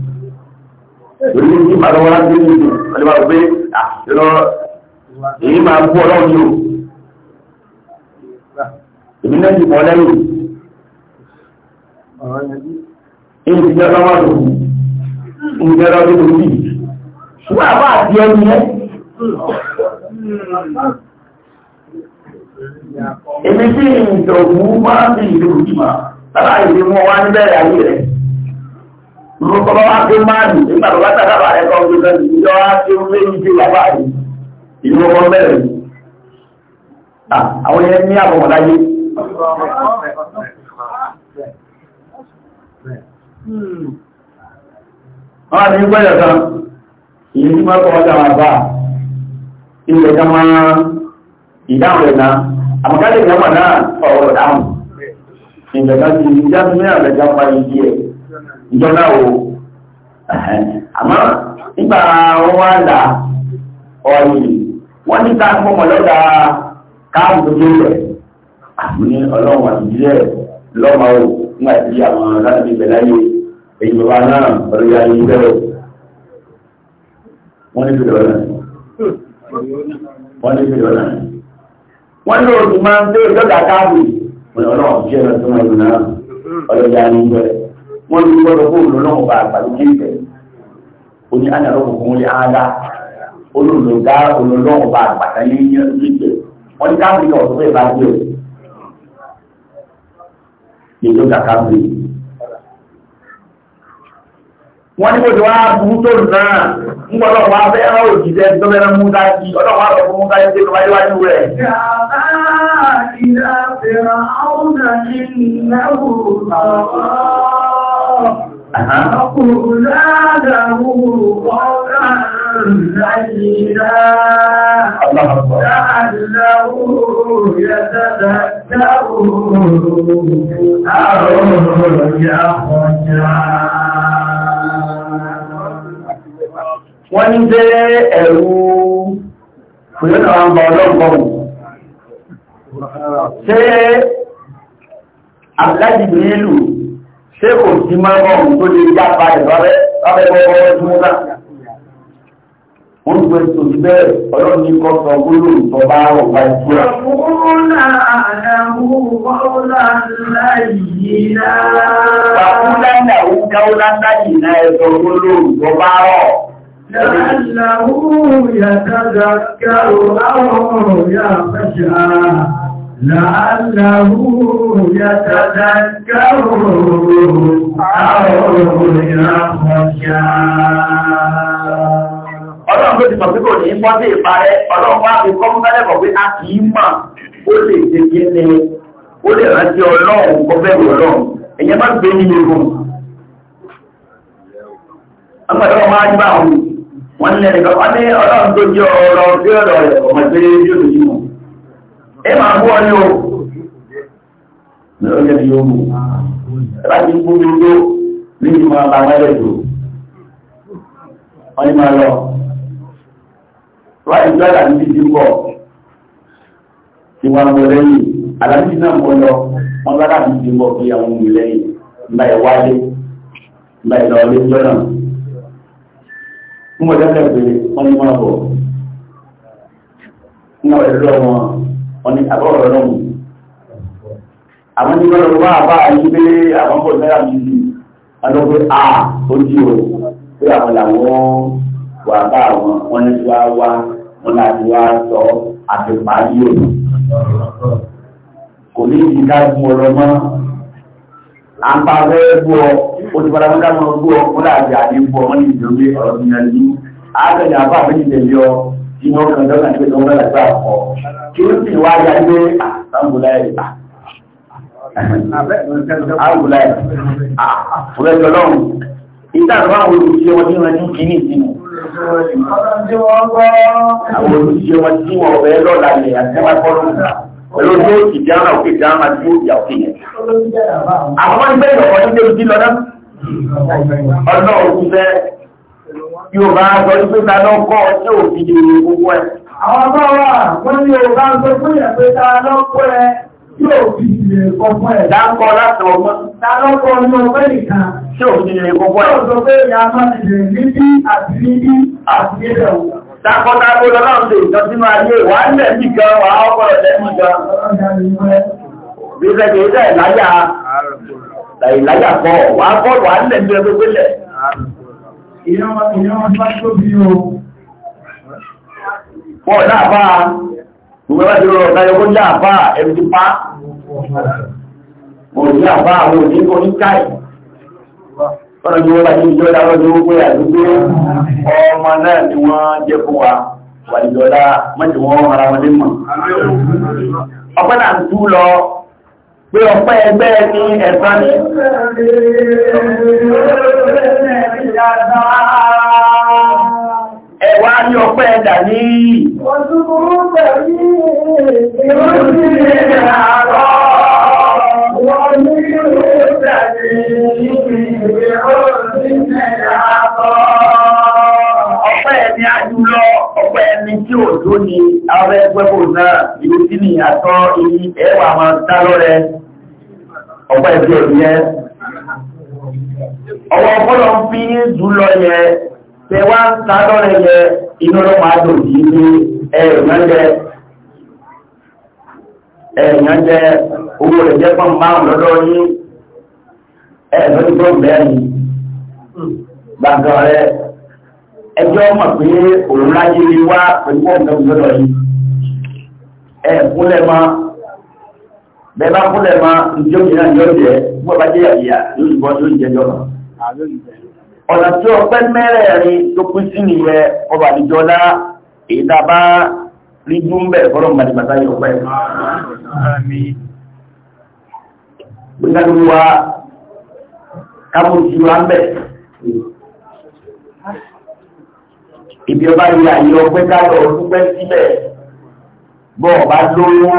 torí ní ìbára wọn láti ní ìlú ọlọ́wà pé àjọ èyí máa bú ọlọ́run ní o èmi náà ti mọ̀ lẹ́yìn èyí ti jẹ́ ọlọ́wà tó kù ń jẹ́ ọlọ́wà tó kù ṣùgbọ́n àbá àti ẹni yẹn èmi tí ìjọ̀gbù máa ń fi ìlú ìgbìmọ̀ lára ìlú wọn wá níbẹ̀rẹ̀ ayé rẹ̀ mo kọ́kọ́ wá pé máàlì nígbà tó bá tàbí ẹ̀kọ́ ọdún lẹ́nu ìjọ wá pé ó léyìn tí wà báyìí ìlú ọmọ bẹ̀rẹ̀ àwọn yẹn ní àbọ̀wọ̀ láyé wọ́n ní gbẹ́yọ̀ kan ìyí tí wọ́n kọ́ ọjà wọn bá ilẹ̀ kan máa ìdáhùn rẹ̀ náà àmọ́kálẹ̀ ìjọba náà ọ̀rọ̀ dáhùn ìjọba ti ìjábí mẹ́rin ìjọba o àmọ́ nígbà wọn wá là ọ̀yìn wọ́n ní ká fọmọ lọ́dà káàmù tó dé rẹ̀ àmì ọlọ́run àtijọ́ lọ́mọ àwọn láti ibẹ̀ láyé náà ọ̀rọ̀ wọ́n ní fìdí wọ́n ní fìdí wọ́n ní wọ́n ti gbọ́dọ̀ ụlọ olólùwọ̀n bá àgbàlókè ìfẹ́ oní àdàlọ́ fún olè áńgá olólùgá olólùwọ̀n bá àgbàtà ní ìfẹ́ wọ́n ti káàkiri ọ̀tún fẹ́ bá gbé ètò kàkà gbé. wọ́n ní náà ń gbọ́dọ̀ fẹ́ ẹ̀rọ òjìṣẹ́ tó mú ọ̀dọ̀ fẹ́ tó أقول له قولا لينا لعله يتذكر أو يخشى wọ́n ní jẹ́ ẹ̀rù fòyọ́nà àwọn ọlọ́gbọ̀n ṣe àbúlájì bèèlù ṣé kò sí máa ń rọrùn tó lè já padà lọ́rẹ́ lọ́rẹ́ gbọ́gbọ́ ọdún náà. wọ́n gbé tó bẹ́ẹ̀ ọlọ́run ní kọ́ sọ gbólóhùn tó bá rọ̀ bá ìtura. ọ̀pọ̀lọpọ̀ àdàmú kọ́lá láyìí náà. kàkúlá náà ó káwọ́lá láyìí náà ẹ̀sọ́ gbólóhùn tó ọ̀rọ̀ yà fẹ́ ṣáà. لعله يتذكر أو يخشى Ọlọ́run tó ti mọ̀ pé kò ní mọ́ sí ìparẹ́, ọlọ́run wá fi kọ́ mẹ́lẹ́kọ̀ọ́ pé a kìí mọ̀, ó lè ṣe kí ní, ó lè rántí ọlọ́run kọ́ bẹ̀rù ọlọ́run, ẹ̀yẹ bá gbé ní egun. Ọgbàdọ́ máa ń bá wọn, wọ́n ní ẹnìkan, wọ́n ní ọlọ́run tó jẹ́ ẹ ma bú ọyọ ní ọjọ́ dị ó mú láti kú ní ojú ní ìmọ̀ àwọn ẹlẹ́dùn wọ́n ní máa lọ wọ́n ìjọ àlàbí ti bọ̀ tí wọ́n mọ̀ lẹ́yìn àlàbí náà mọ̀ lọ wọ́n bá láti ti bọ̀ kí na wọ́n ní àbọ̀ ọ̀rọ̀ náà àwọn tí wọ́n lọ wá àbá yìí pé àwọn kò náírà mi sí ọdún pé a ó jí o pé àwọn làwọn wà bá àwọn wọ́n ní wá wá wọ́n láti wá sọ àti pàdé òun kò ní ìdíkà fún ọ̀rọ̀ mọ́ àǹpa fẹ́ bú ọ ó ti padà mọ́ká mọ́ bú ọ wọ́n láti àdé bú ọ wọ́n ní ìdílé ọ̀rọ̀ mi yẹn ní kí ó sì wá ya ilé àtàngùláì àwùláì àfúrẹ́jọ lọ́rùn ìtàkùn àwọn olùsíṣẹ́ wọn tí wọ́n ní kìíní ìsinmi àwọn olùsíṣẹ́ wọn tí wọ́n ọ̀bẹ̀ lọ́la ilẹ̀ àtẹ́wà kọ́lù pẹ̀lú tó ìdí àwọn òkè ìdí àwọn àti òkè òkè yẹn àwọn ẹgbẹ́ ìrọ̀kọ́ ní débi dí lọ́dá ọ̀nà òkú fẹ́ yóò bá sọ ìgbésà náà kọ́ ọjọ́ òbí gbogbo ẹ̀ àwọn bá wà wọ́n ní ọba ń sọ fún ìyàpẹ́ ta lọ́pọ̀ ẹ yóò fi ilẹ̀ ọgbọ́n ẹ̀ dáńkọ́ láti ọgbọ́n ta lọ́pọ̀ ní ọgbẹ́ nìkan ṣé ò ní ilẹ̀ ọgbọ́n ẹ̀ sọ pé ìyá máa ti lè níbí àti níbí àti níbẹ̀ wọn. Takọ́takọ́ lọ́lọ́run lè jọ sínú ayé wà nílẹ̀ nìkan wà ọkọ̀ rẹ̀ nìkan. Bí sẹ́kẹ̀ẹ́ sẹ́ láyà láyà kọ́ wà kọ́ wà nílẹ̀ nìkan gbogbo lẹ̀. Ìyá wọn ti wá tóbi o wọ́n láàbá gbogbo ẹgbẹ́ ìrọ̀ ọ̀dáyọ kó láàbá ẹ̀rù ti pa wọ́n láàbá àwọn òní kò ní káì ọ̀nà tí wọ́n bá ti jọ́ dáwọ́ tí ó pé àdúgbò ọmọ náà ni wọ́n jẹ́ fún wa wà ìjọdá mọ́jì wọ́n ara wọn lé mọ̀ ọpẹ́ náà tú lọ pé ọpẹ́ ẹgbẹ́ ní ẹ̀sán ní wá ní ọpẹ́ ẹ̀dà ní Ọpẹ́ ẹni ajúlọ, ọpẹ́ ẹni tí ò tó ni, àwọn ẹgbẹ́gbò náà, ìlú tí ẹwà máa dá lọ́rẹ, ọpẹ́ ẹgbẹ́ òní ẹ. Ọwọ́ ọpọ́lọ ń fi ń jù lọ tẹ wá sádọ́ rẹ̀ yẹ inú ọlọ́pàá dùn yìí ní ẹ̀rùn jẹ ẹ̀yàn jẹ owó rẹ̀ jẹ́ pọ́n márùn lọ́dọ́ ní ẹ̀rùn tó bẹ́ẹ̀ni gbàgbọ́ rẹ̀ ẹjọ́ mọ̀ pé òun láyé wá pẹ̀lú ọ̀gá ìjọdọ̀ yìí ẹ̀kúnlẹ̀ máa bẹ́ẹ̀ bá kúnlẹ̀ máa ìjọ́ mìíràn yọ́ jẹ́ ọ̀nà tí ọpẹ́ mẹ́rẹ̀ẹ̀rin tó pín sí nìyẹ ọba àdìjọlá èyí tá a bá rí dúmbẹ̀ fọ́lọ̀ màdìmàtà yìí ọpẹ́ gbẹ́gbẹ́gbẹ́ wa kábòsí wa ń bẹ̀ ibi ọba yìí àyè ọpẹ́ káyọ̀ ọdúnpẹ́ síbẹ̀ bọ́ ọba lówó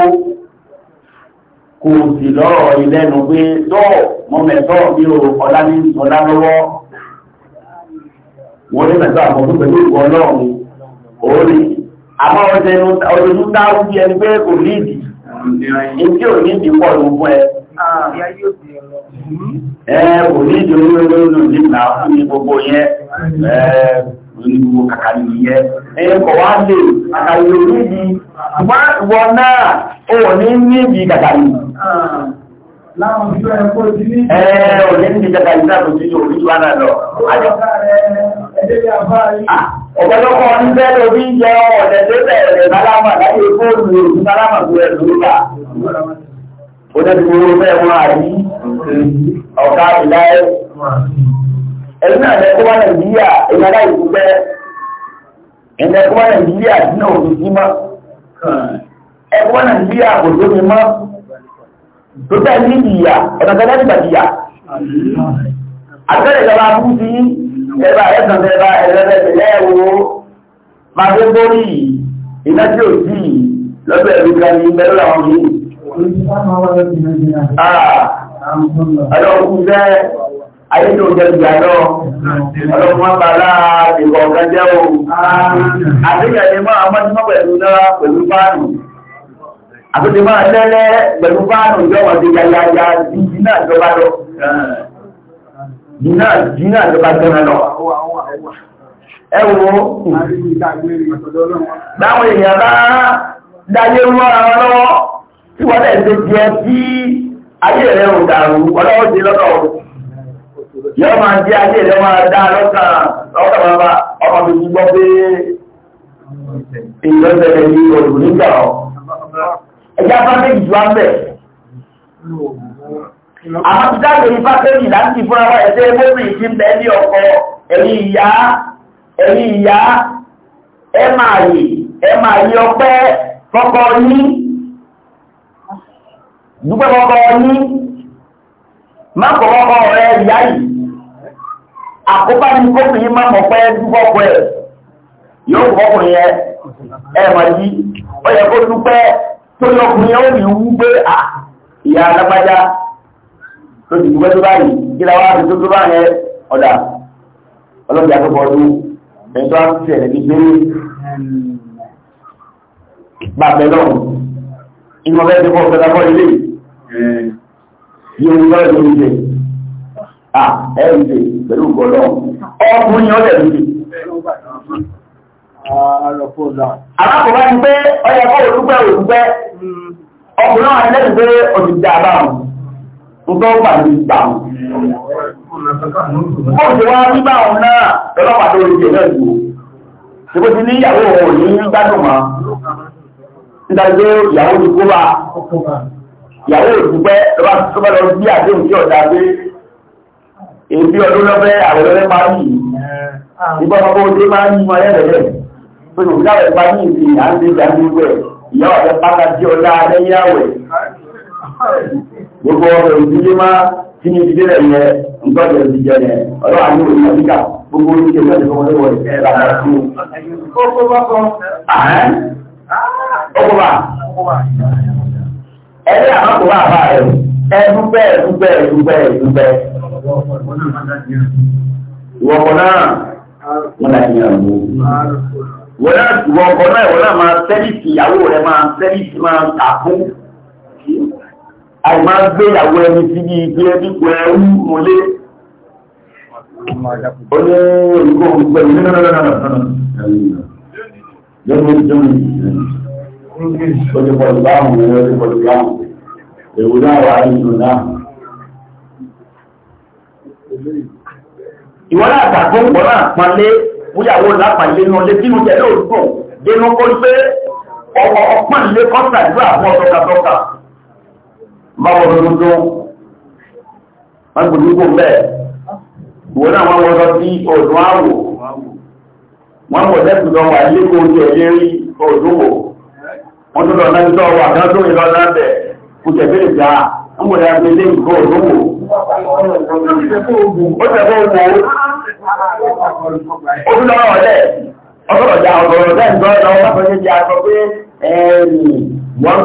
kò sì lọ́rọ̀ ilẹ́nu pé tọ́ mọ́mẹ́tọ́ bí ọlá ní ọlá lọ́wọ́ wọ́n ní mẹ́ta àwọn pẹ̀lú ìwọ ọlọ́run orí bí ẹni pé kò ìdí ò pọ̀ ẹ kò náà fún ní gbogbo yẹn ẹ onígbogbo kàkà nìyẹn kọ̀ wá lè àkàlò nídìí wọ́n náà ó ní Ọ̀pọ̀lọpọ̀ ọdún bẹ́ẹ̀ ló bí ń jẹ ọ̀dẹ̀ tó bẹ̀rẹ̀ sálámà láyé fóònù òkú sálámà tó rẹ̀ lóríkà. Ó dẹ́bi gbogbo bẹ́ẹ̀ wọ́n àrí ọ̀gá ìláyé. Ẹ̀rí náà lẹ́kọ́ wá Nàìjíríà, èyí aláìkú bẹ́ẹ̀. Ẹ̀lẹ́kọ́ wá Nàìjíríà dínà òfìsí mọ́. Ẹ̀kọ́ wá Nàìjíríà kò tó mi mọ́. Tó tẹ́ ní ìyà, ọ̀nà ẹ̀bá ẹ̀sàn ẹ̀bá ẹ̀lẹ́bẹ̀ lẹ́ẹ̀wó máa tó bórí iná tí ò sí lọ́bẹ̀ ẹ̀rú kan ní pẹ̀lú àwọn yìí. Ah, ọlọ́kùn jẹ́ ayédò jẹ́gbẹ̀ àlọ́ ọlọ́kùn máa bàlá ìwọ̀ ọ̀gá jẹ́ o ah. àbíyànjẹ́ máa mọ́ pẹ̀lú náà pẹ̀lú fáànù àbíyànjẹ́ máa lẹ́lẹ́ pẹ̀lú fáànù ìjọba ti yáyáyá ìdí náà jọba lọ ah. jìnnà tó bá tẹ́ra dáyé tí wọ́n tó ayé rẹ̀ ò dàrú ọlọ́wọ́ sí lọ́tọ̀ yọ́ máa jẹ́ ayé rẹ̀ máa dá lọ́kàn ọmọ mi ti gbọ́ pé nígbà ẹjá bá méjì àmọ́ ti dáàbò ní fásitì láti fúnra wá ẹ̀sẹ̀ gómìnà ti ń bẹ́ẹ̀ ní ọkọ ẹ̀yìn ìyá ẹ̀yìn ìyá ẹ máa yè ẹ máa yè ọpẹ́ fọ́kọ yín dúpẹ́ fọ́kọ yín má kọ́ fọ́kọ rẹ ìyá yìí àkóbá ní gómìnà má mọ̀ pé dúpọ̀ pẹ́ yóò fọkùnrin yẹn ẹ mọ̀ yí ó yẹ kó dúpẹ́ tó tó ti dúpẹ́ tó báyìí kí la wá fi tó tó bá yẹn ọ̀dà ọlọ́dà tó bọ̀ ọdún ẹni tó á fi ẹ̀rẹ̀ ní gbé gbàgbẹ́ náà ìmọ̀ bẹ́ẹ̀ tó bọ̀ ọ̀dà bọ̀ ilé yóò lọ́ọ̀ ló ń jẹ à ẹ̀rù jẹ pẹ̀lú gọ̀ọ́lọ́ ọkùnrin ọ̀dẹ̀ ló jẹ. alákòóbá ti pé ọyẹ kọ́ òdúpẹ́ òdúpẹ́ ọkùnrin àwọn ẹlẹ́sìn pé òdìjà àbáwọn tó tọ́ wà ní ìgbà wọn. Ó ti wá nígbà wọn náà lọ́lọ́pàá tó rí jẹ̀lẹ́ ìgbò. Ṣébó ti ní ìyàwó òun ní gbádùn mọ́. Nígbàgbé ìyàwó ti kó bá. Ìyàwó òdúpẹ́ lọ́wọ́ tó bá lọ bí àdéhùn tí ọ̀dà dé. Èbí ọdún lọ́fẹ́ àwọn ọlọ́fẹ́ máa ń yìí. Ìgbà ọmọ bó dé máa ń yí mọ ẹlẹ́rẹ̀. Pẹ̀lú ìdáwẹ̀ ní Ìyàwó gbogbo ọ̀rọ̀ ìdílé kí ni ìdílé rẹ̀ yẹ nǹkan ìdílé jẹ ọlọ́wà ní òun àbíkà gbogbo oríṣi ìwé ìfẹ́ wọn lọ́wọ́ ìfẹ́ lára fún un. ọkọ̀bà àìmá gbéyàwó ẹni tí bí ìgbé ẹbí pẹ̀ ẹrú mọ́lé ó ní olùkọ́ pẹ̀lú nínú ìwọ́n àtàkó ìgbọ́nà àpàlé múyàwó lápàlé náà lé sínú jẹ́ lóòrùn dénú kó pé ọ̀pọ̀ ọ̀pọ̀ ìlé kọ́sà ìlú àwọn ọ̀tọ̀kàtọ̀kà báwo ló dúdú wọ́n kò bẹ́ẹ̀ náà wọ́n wọ́n lọ sí àwò wọ́n lẹ́kùn lọ wà rí wò wọ́n tó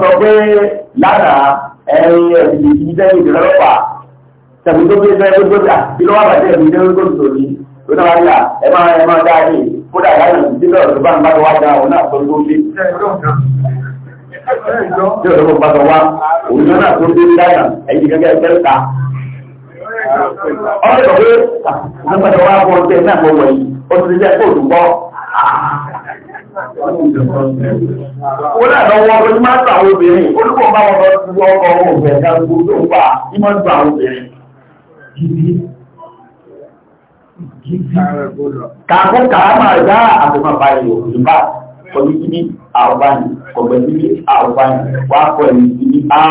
lọ wà wọ́n lẹ́kùn ẹ̀yin ẹ̀sìn ìdílé ìdílọ́pà tàbí tó gbé fẹ́ gbogbo dà bí lọ́wọ́ àbájẹ́ ẹ̀mí ní gbogbo sòrí tó náà wáyà ẹ máa ẹ máa dáa ní kódà láyé ìdílé ọ̀dọ́ bá ń bá wá dáa òun náà tó tó dé. tí ọ̀dọ́ bá bá wá òun náà tó dé dáyà ẹ̀yìn gẹ́gẹ́ ẹgbẹ́ta. ọ̀rẹ́ ìgbà pé ọ̀dọ́ bá wá bọ̀ ọ́ Wọ́n náà lọ́wọ́ ọdún tí máa ń tàwọn obìnrin, olùkọ́ bá wọn lọ sí ọkọ̀ ọmọ òfẹ́ dágbó tó ń pa ní máa ń tà àwọn obìnrin. Kàkún kàá máa dá àtọ́mà báyìí òfin bá kọjú sí ní àwọ̀báyìí, kọ̀gbẹ̀ sí ní àwọ̀báyìí, wá kọ̀ ẹ̀yìn sí ní àà.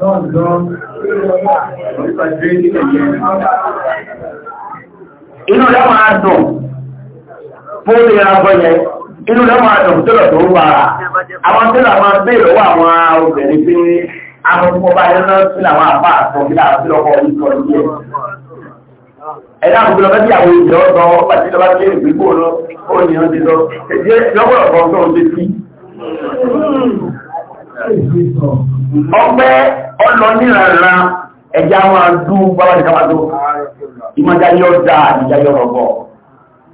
Lọ́dọ̀ inú rẹ̀ máa dùn fún ní agbọ́yẹ inú rẹ̀ máa dùn tẹ́lọ̀ tó ń wà rà àwọn tẹ́lọ̀ máa bèèrè wà àwọn obìnrin pé àwọn tó bá yẹn náà sí làwọn àpá àtọ̀ kí láà sí lọ́kọ̀ orúkọ yìí ẹ̀dá àbúgbò lọ́pẹ́ tí àwọn ìjọ sọ pàtí lọ́pẹ́ tí èèyàn gbígbó lọ ó ní ọ́n ti lọ èyí lọ́pọ̀lọpọ̀ tó ń létí ọgbẹ́ ọlọ níranran ẹ̀já máa dún bábá nìkan máa dún ìmọ̀dáyọ́ dá àdìjáyọ́ rọ̀bọ̀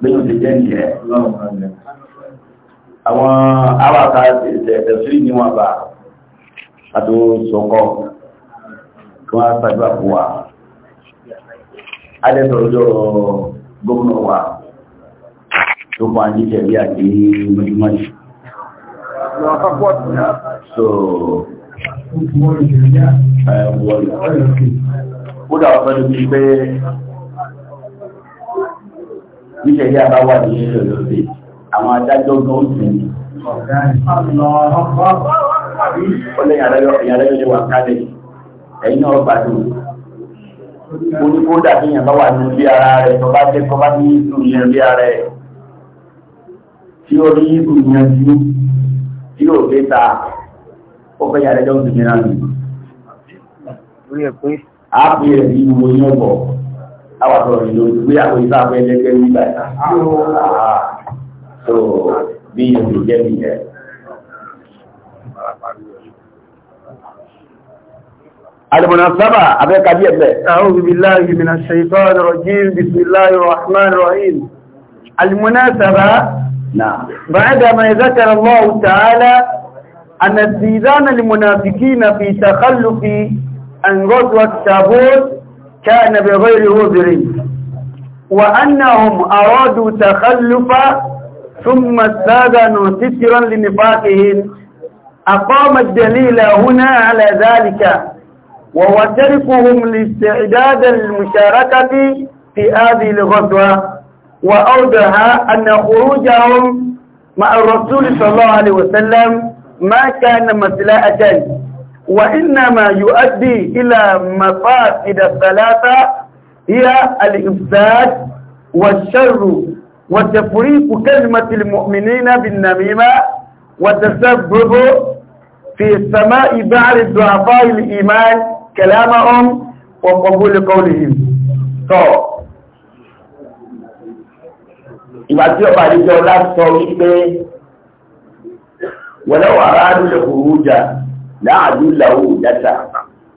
lẹ́yìn ti jẹ́ nìyẹn àwọn awàta tẹ̀sírí ní wọn bá àtò sọ́kọ́ kí wọ́n sàgbà fún wa adẹ́sọ̀rọ̀jọ́ gómìnà wa tó bá ní jẹ̀rí àti mọ́júmọ́jú so ó dà wọ́n sọ́dún pé níṣẹ́ yá bá wà ní ilé lọ́sẹ̀ àwọn adájọ́ gan ó sì ní. ó lẹ́yìn adájọ́ lè wà kálẹ̀ ẹ̀yìn náà gbádùn. ó ní kó dàbí yẹn bá wà ní ilé ara rẹ̀ tó bá jẹ́ kó bá ní ìlú yẹn ilé ara rẹ̀ tí ó rí ìlú yẹn ju tí ó gbé ta ó fẹ́ yà adájọ́ ń dùn mí àwọn sọ̀rọ̀ ìlú gbé àwọn ìfẹ́ àwọn ẹlẹ́gbẹ́ nígbà yẹn. so bí yóò ti jẹ́ mi yẹn. المناسبة أبيك أبيك أعوذ بالله من الشيطان الرجيم بسم الله الرحمن الرحيم المناسبة نعم بعدما ذكر الله تعالى أن استئذان المنافقين في تخلف عن غزوة تابوت كان بغير عذر وأنهم أرادوا تخلفا ثم استاذنوا سترا لنفاقهم أقام الدليل هنا على ذلك وهو تركهم لاستعداد المشاركة في هذه الغزوة وأوضح أن خروجهم مع الرسول صلى الله عليه وسلم ما كان مسلاءة وإنما يؤدي إلى مفاسد الثلاثة هي الإفساد والشر وتفريق كلمة المؤمنين بالنميمة وتسبب في السماء بعض ضعفاء الإيمان كلامهم وقبول قولهم ìgbà ọba àdíjọ́ láti sọ wípé jà láàdú làwò ìjájà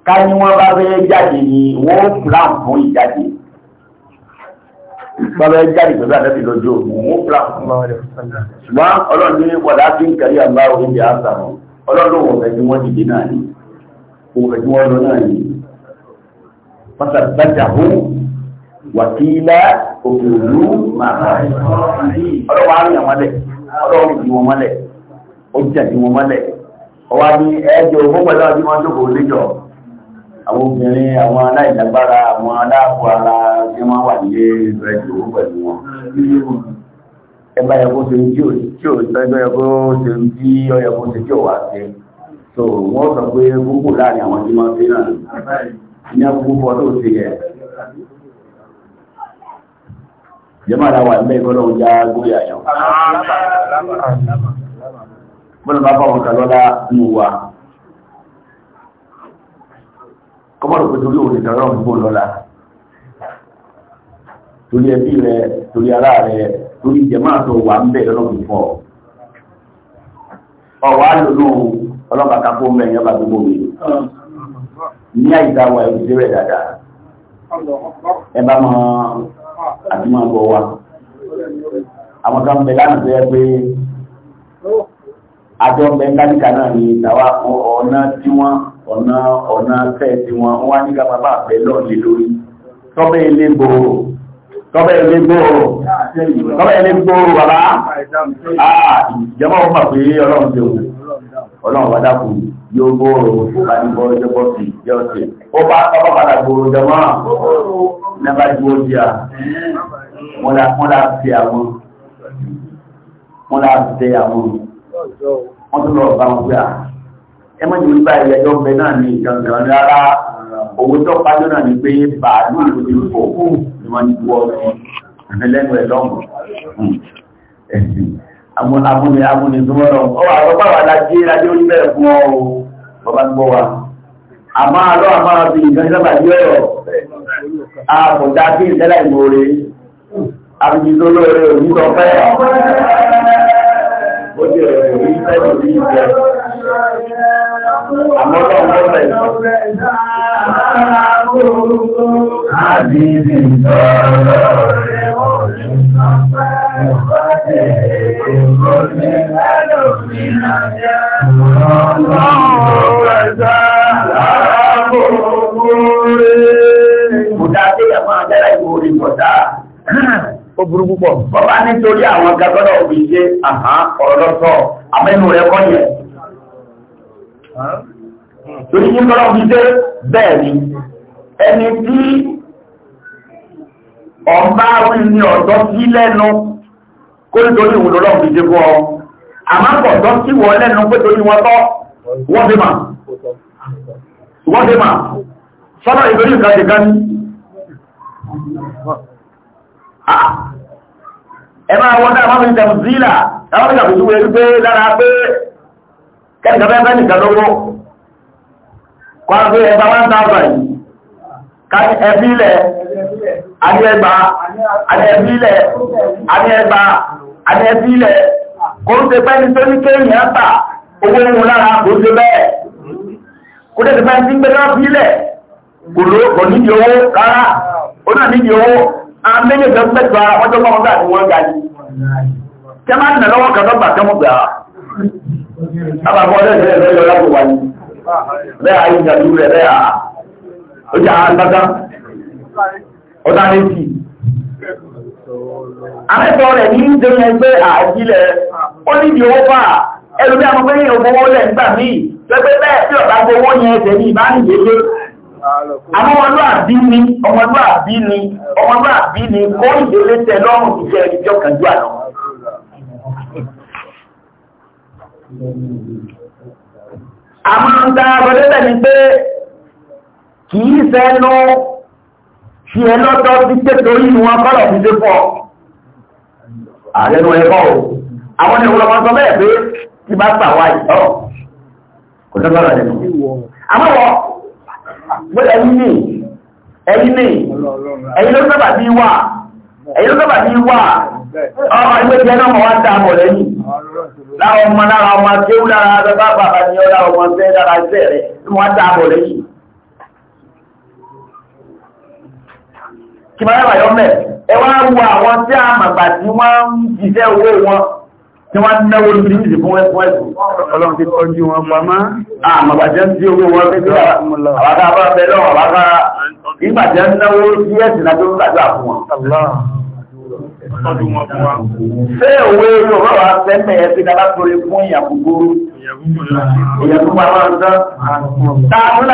ká ní wọ́n bá fẹ́ jáde ni wọ́n plan fún ìjáde bá fẹ́ jáde pẹ̀lú àdẹ́bí lójú òun wọ́n plan fún ṣùgbọ́n ọlọ́run ní wàdá fi ń kẹrí àgbà orí ìyá àṣàmù ọlọ́run òun fẹ́ tí wọ́n dìde náà ni òkèlú màá ọlọ́wọ́ àrùn àwọn mọ́lẹ̀ ọlọ́wọ́ ìdí mọ́lẹ̀ ó jẹ́ ìdí mọ́lẹ̀ ọwá ní ẹjọ owó pẹ̀lú àbí wọ́n jókòó léjọ àwọn obìnrin àwọn aláìlágbára àwọn aláàbò ara tí wọ́n wà nílé ìrẹsì owó pẹ̀lú wọn ẹgbẹ́ ẹ̀kọ́ ṣe tí ò tí ò ẹgbẹ́ ẹ̀kọ́ ṣe tí ọ̀yẹ̀kọ́ ṣe tí ò wá ṣe so wọ́n sọ pé gbogbo láàrin àwọn tí wọ́n ṣe náà ní agbófọ́ tó ṣe yẹ jẹ́mọ́ ara wà nílẹ̀ ìkọ́lọ́hún já gómìnà yàn bọ́nà bá bá wọn kà lọ́lá nù wa kọ́mọ́rọ̀ pé torí òun ìtàrà òun bò lọ́lá torí ẹbí rẹ torí ará rẹ torí ìjẹmọ́ àtọ̀ wà ń bẹ̀ lọ́nà fífọ́ ọ̀wá lòlú ọlọ́pàá kápó mẹ́rin ọba gbogbo mi ní àyíká wa ìdílé rẹ̀ dáadáa ẹ bá mọ àti máa bọ̀ wa àwọn kan bẹ lánàá tó yẹ pé àjọ mẹ́ńdáníkà náà ni ìtawà ọ̀nà tí wọ́n ọ̀nà ọ̀nà tẹ́ tí wọ́n wá ní ká bàbá àbẹ́ lọ́ọ̀lẹ́ lórí tọ́bẹ̀ ilé gbòòrò tọ́bẹ̀ ilé gbòòrò tọ́bẹ̀ ilé gbòòrò bàbá ìjọba ọmọ pé ọlọ́run wọ́n la àwọn wọ́n wọ́n tún lọ bá wọn gbé à ah, ẹ mọ́ ìlú bá ìyẹjọ́ bẹ náà ní ìjọba ní ara owó tó pàjọ́ náà ní pé bàálù ìlú òkú ni wọ́n ti wọ́ sí lẹ́nu ẹ̀ lọ́mù hmm. amúni amúni tó mọ́ lọ́mù ọwọ́ àgbọ́gbà wà lájé lájé ó bẹ̀rẹ̀ fún ọ o bàbá gbọ́ wa àmọ́ àlọ́ àmọ́ àti ìjọba sábà yí ọ̀rọ̀ àkùdá bí ìtẹ́lẹ̀ ìmòore àbíjì tó lóore òní lọ fẹ́ ó jẹ́ rẹ̀ sẹ́lù ní ìjẹ. Àmọ́ náà wọ́n lẹ̀ sọ. Àbíbí sọ̀rọ̀ rẹ̀ òun sọ pé ọ̀pọ̀ tẹ̀ èkó ní ẹlòmínà jẹ́. Ọlọ́run rẹ̀ sá láàbò rẹ̀. Kò dá sí ẹ̀fọn àjẹ́rẹ́ ìwòrì kò dá ó burú púpọ̀ àmẹ́nu rẹ̀ kọ́ yẹn torí ní tọ́lá fi dé bẹ́ẹ̀ ni ẹni tí ọ̀bá wí ní ọ̀dọ́ sí lẹ́nu kó nítorí ìwòlò lọ́wọ́ fi dé fún ọ àmákọ̀ọ̀dọ́ sí wọ lẹ́nu pé torí wọn tọ́ wọ́n fi mà ẹ máa wọ́n náà máa ń tẹ̀mù sílà táwọn ìgbà tó wọlé pé lára pé kẹ́kẹ́ fẹ́ fẹ́ nìkan lówó kọ́ pé ẹ bá one thousand yìí ká ẹbí lẹ̀ àní ẹgbà àní ẹbí lẹ̀ àní ẹgbà àní ẹbí lẹ̀ kò ń ṣe pẹ́ ní tẹ́ máa ń nà lọ́wọ́ kan lọ́gbà tẹ́ mú gbà á àbàbọ̀ lẹ́sẹ̀ rẹ̀ lọ́yọ́ lápò wà ní rẹ̀ àyè ah, ìjàdú rẹ̀ rẹ̀ à ó jà ní ìdẹ́yẹ ah, fà ẹlùmí àwọn ògbówó lẹ̀ nígbà bẹ́ẹ̀ tí ọ̀dà gbówó yẹn ẹ̀sẹ̀ ní ìbánìyẹ́lé àwọn ọmọlúàbí ni ọmọlúàbí ni ọmọlúàbí ni kó ìdílé tẹ lọ́rùn ìfẹ́ ìjọ kan jù àná. àmọ́ ń ta ọlẹ́lẹ̀ ni pé kì í sẹ́nu ṣe ẹ lọ́tọ́ sí pé torí wọn kọ́lọ̀ fi dé pọ̀ àrẹ́nu ẹ̀kọ́ o àwọn ẹ̀wọ̀n lọ́mọ sọ bẹ́ẹ̀ pé tí bá pàwọ́ àìsàn kò lọ́gbọ́n rẹ̀ nù gbọ́dọ̀ ẹ̀yìn ní ẹ̀yìn ní ẹ̀yìn ló sábà bí wà ẹ̀yìn ló sábà bí wà ọmọ ilé jẹ́ náà wá dá bọ̀ lẹ́yìn láwọn ọmọ lára ọmọ akéwú lára bàbá bàbá ni ọ láwọn ọmọ ṣẹ́ lára iṣẹ́ rẹ̀ tí wọ́n dá bọ̀ lẹ́yìn kìmọ̀lẹ́bàyọ́ mẹ́ ẹ wá wo àwọn tí àmàgbà tí wọ́n ń jíṣẹ́ owó wọn tí wọ́n náwó lórí ìdí fún ẹ̀kọ́ ẹ̀kọ́ ọlọ́run ti tọ́jú wọn pamá àmàbàjẹ́ tí owó wọn fi tọ́ àwádá bá bẹ lọ́wọ́ àwádá ìgbàjẹ́ náwó sí ẹ̀sìn àjọ ìgbàjọ́ àfún wọn. ṣé òwe yóò bá wà sẹ́mẹ̀ ẹ̀ sí dábàá torí fún ìyàgbogbo ìyàgbogbo àwọn ọ̀dọ́ tààmúlà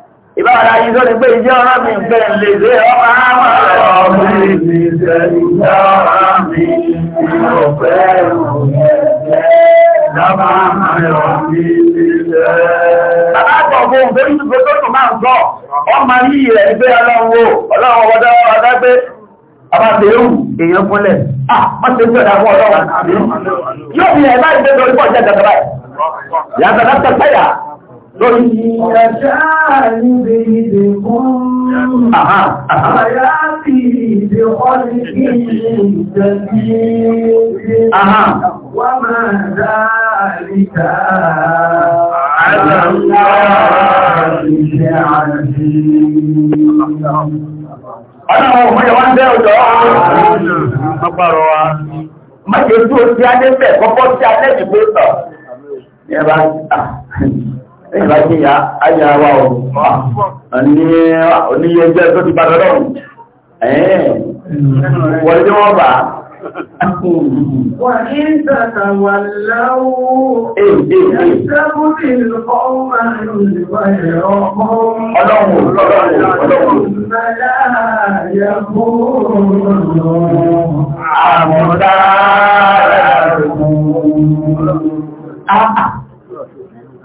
ìbára yìí tó ní pé ìjẹ́ ọ̀rọ̀ fẹ́ lè lé ọmọ àmà ọmọ ìlú ìṣẹ́ ìjọ ọ̀rọ̀ mi ìrọ̀fẹ́ ìrọ̀fẹ́ lábá àmàlọ́ mi ìṣẹ́. Bàbá àgbọ̀ fún òun fẹ́rí tuntun tó tún máa ń sọ, wọ́n máa ní ìrẹ̀ ìgbé ọlọ́run wo, ọlọ́run ọwọ́dá ọlọ́dá gbé. Bàbá Bẹ̀rù èèyàn fúnlẹ̀. Ah, wọ́n ti ń tẹ̀lé àwọn ọlọ́run. Yóò fi ẹ̀ báyìí lórí ẹ̀ṣẹ́ àìríbe ìdè kún àyá ti ìdè ọdí kí ìjẹ̀bí wà máa dáríkà àyàwó ìṣẹ́ àti ọlọ́run ọmọ ìwọ́n bẹ́ ọjọ́ ọpọ̀rọ̀ wa mọ́jọ́ tó tí a dé bẹ̀ kọ́kọ́ tí a lẹ́gbẹ̀ẹ́ tọ̀ ẹ̀yìnbá kí ìyá ayé wa ò ní oníyẹ jẹ́ tó ti bá lọ́rọ̀ ẹ̀ẹ́n wọ́n tí wọ́n bá Àmọ̀dára rẹ̀. Ah ah.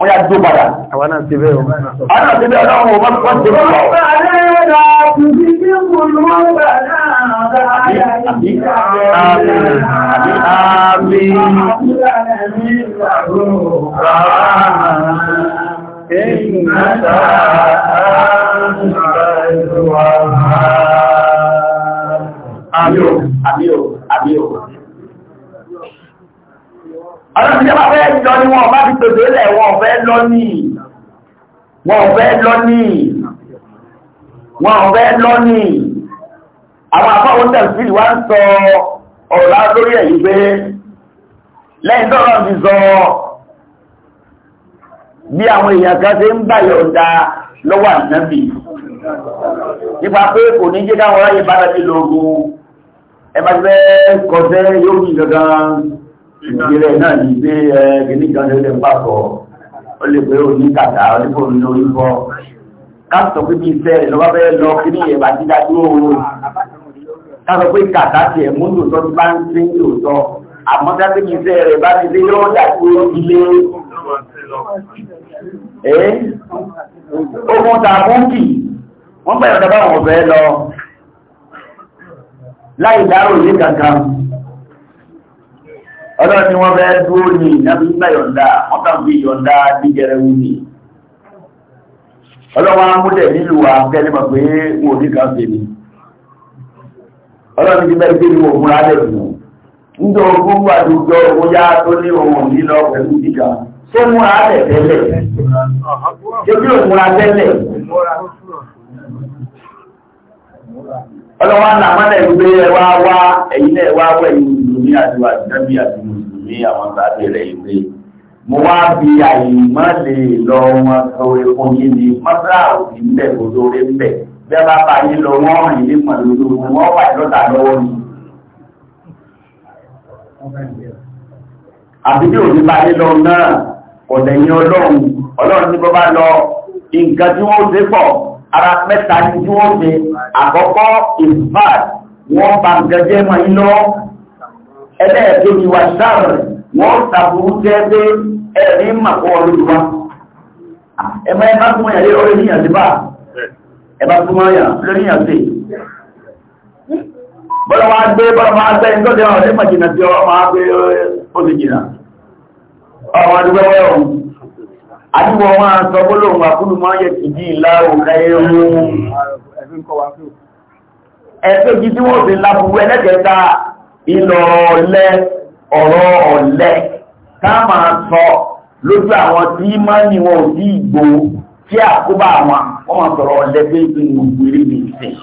wọ́n yá jó padà. Àwọn náà ti bẹ́ẹ̀ o. Àwọn náà ti bẹ́ẹ̀ náà wọ́n máa ọlọ́pìnjẹ́ bá fẹ́ lọ ní wọn bá ti pèsè lẹ̀ wọn fẹ́ lọ ní wọn fẹ́ lọ ní wọn fẹ́ lọ ní àwọn afọ́wọ́n tẹ̀sí wá ń sọ ọ̀rọ̀ lórí èyí pé lẹ́yìn tọ́rọ ti sọ bí àwọn èèyàn kan ṣe ń báyọ̀ ọ̀dá lọ́wọ́ ànábì nípa pé kò ní jẹ́ káwọn ráyè bá lọ́gbọ̀n ẹbàgbẹ́ kọ̀ọ̀tẹ́ yóò ní gangan ìgbélẹ̀ náà ní gbé ẹgbẹ̀ní kan lórí ẹ̀pàpọ̀ ó lè pé ó ní kàtà oníkò ní oríkọ́ káàtọ̀ pé bí iṣẹ́ ìlọ́wọ́ bẹ́ẹ̀ lọ kí ní ẹ̀bà ti dájú oòrùn káàtọ̀ pé kàtà ti ẹ̀mú lòótọ́ ti bá ń sí lòótọ́ àmọ́ dájú bí iṣẹ́ rẹ̀ bá ti dé yóò dájú ilé ẹ́ ogun tàbúkì wọ́n bẹ̀rẹ̀ láì dárò ní kankan ọlọ́run ni wọ́n fẹ́ dúró ní ìnáwó nígbà yọ̀ǹda wọ́n kàn fi yọ̀ǹda díjẹrẹ wù ní. amúdẹ̀ nílùú wa kẹ́lẹ́ mọ̀ pé wò ní kan fèmí. ọlọ́run ti bẹ́ẹ̀ gbé ní òun lálẹ́ jọ ogún àdúgbò tó ní òun pẹ̀lú tó múra lẹ̀ ọlọ́wọ́ àlàmọ́lẹ̀ ìgbé ẹwà wá ẹ̀yìn náà wá wẹ̀ mùsùlùmí àti àdìdábí àti mùsùlùmí àwọn sáré rẹ̀ ìgbé mo wá fi àyè má lè lọ wọn sọ epo yìí ni mọ́tà òbí ń bẹ̀ kó lóore ń bẹ̀ bí a bá bá yín lọ wọ́n rìn ní pọ̀lọ́dọ̀ wọ́n wà lọ́tà lọ́wọ́ ni. àbí bí òní bá yín lọ náà ọ̀dẹ̀yìn ọlọ́run ọlọ́run ní bọ́ bá lọ nǹkan tí wọ́n ó dé pọ̀ ara mẹ́ta ní tí wọ́n ṣe àkọ́kọ́ ìfàd wọ́n bá gẹ́gẹ́ mọ̀ iná ẹlẹ́ẹ̀kejì wà sáàrẹ̀ wọ́n tàbùrú jẹ́ pé ẹ̀rí màkọ́ olùdùwà ẹmọ ẹbá fún ẹ̀rí orí níyàn sí bá ẹbá fún ọyàn lórí níyàn sí bọ́lá wá gbé bọ́lá wá gbé ẹni tó dẹ̀ ọ̀rẹ́ àdúgbò wọn sọ gbólóhùn àkúlù máa yẹ ìdí ìlàrò ẹ̀rùn ẹ̀fẹ́jì tí wọ́n fi lábúwú ẹlẹ́kẹta ìlọ̀ ọ̀lẹ ọ̀rọ̀ ọ̀lẹ ká máa sọ lójú àwọn tí máa ní wọn ò sí ìgbò tí àkóbá àwọn wọ́n máa sọ̀rọ̀ ọ̀lẹ pé ìpín gbogbo eré mi ìsìn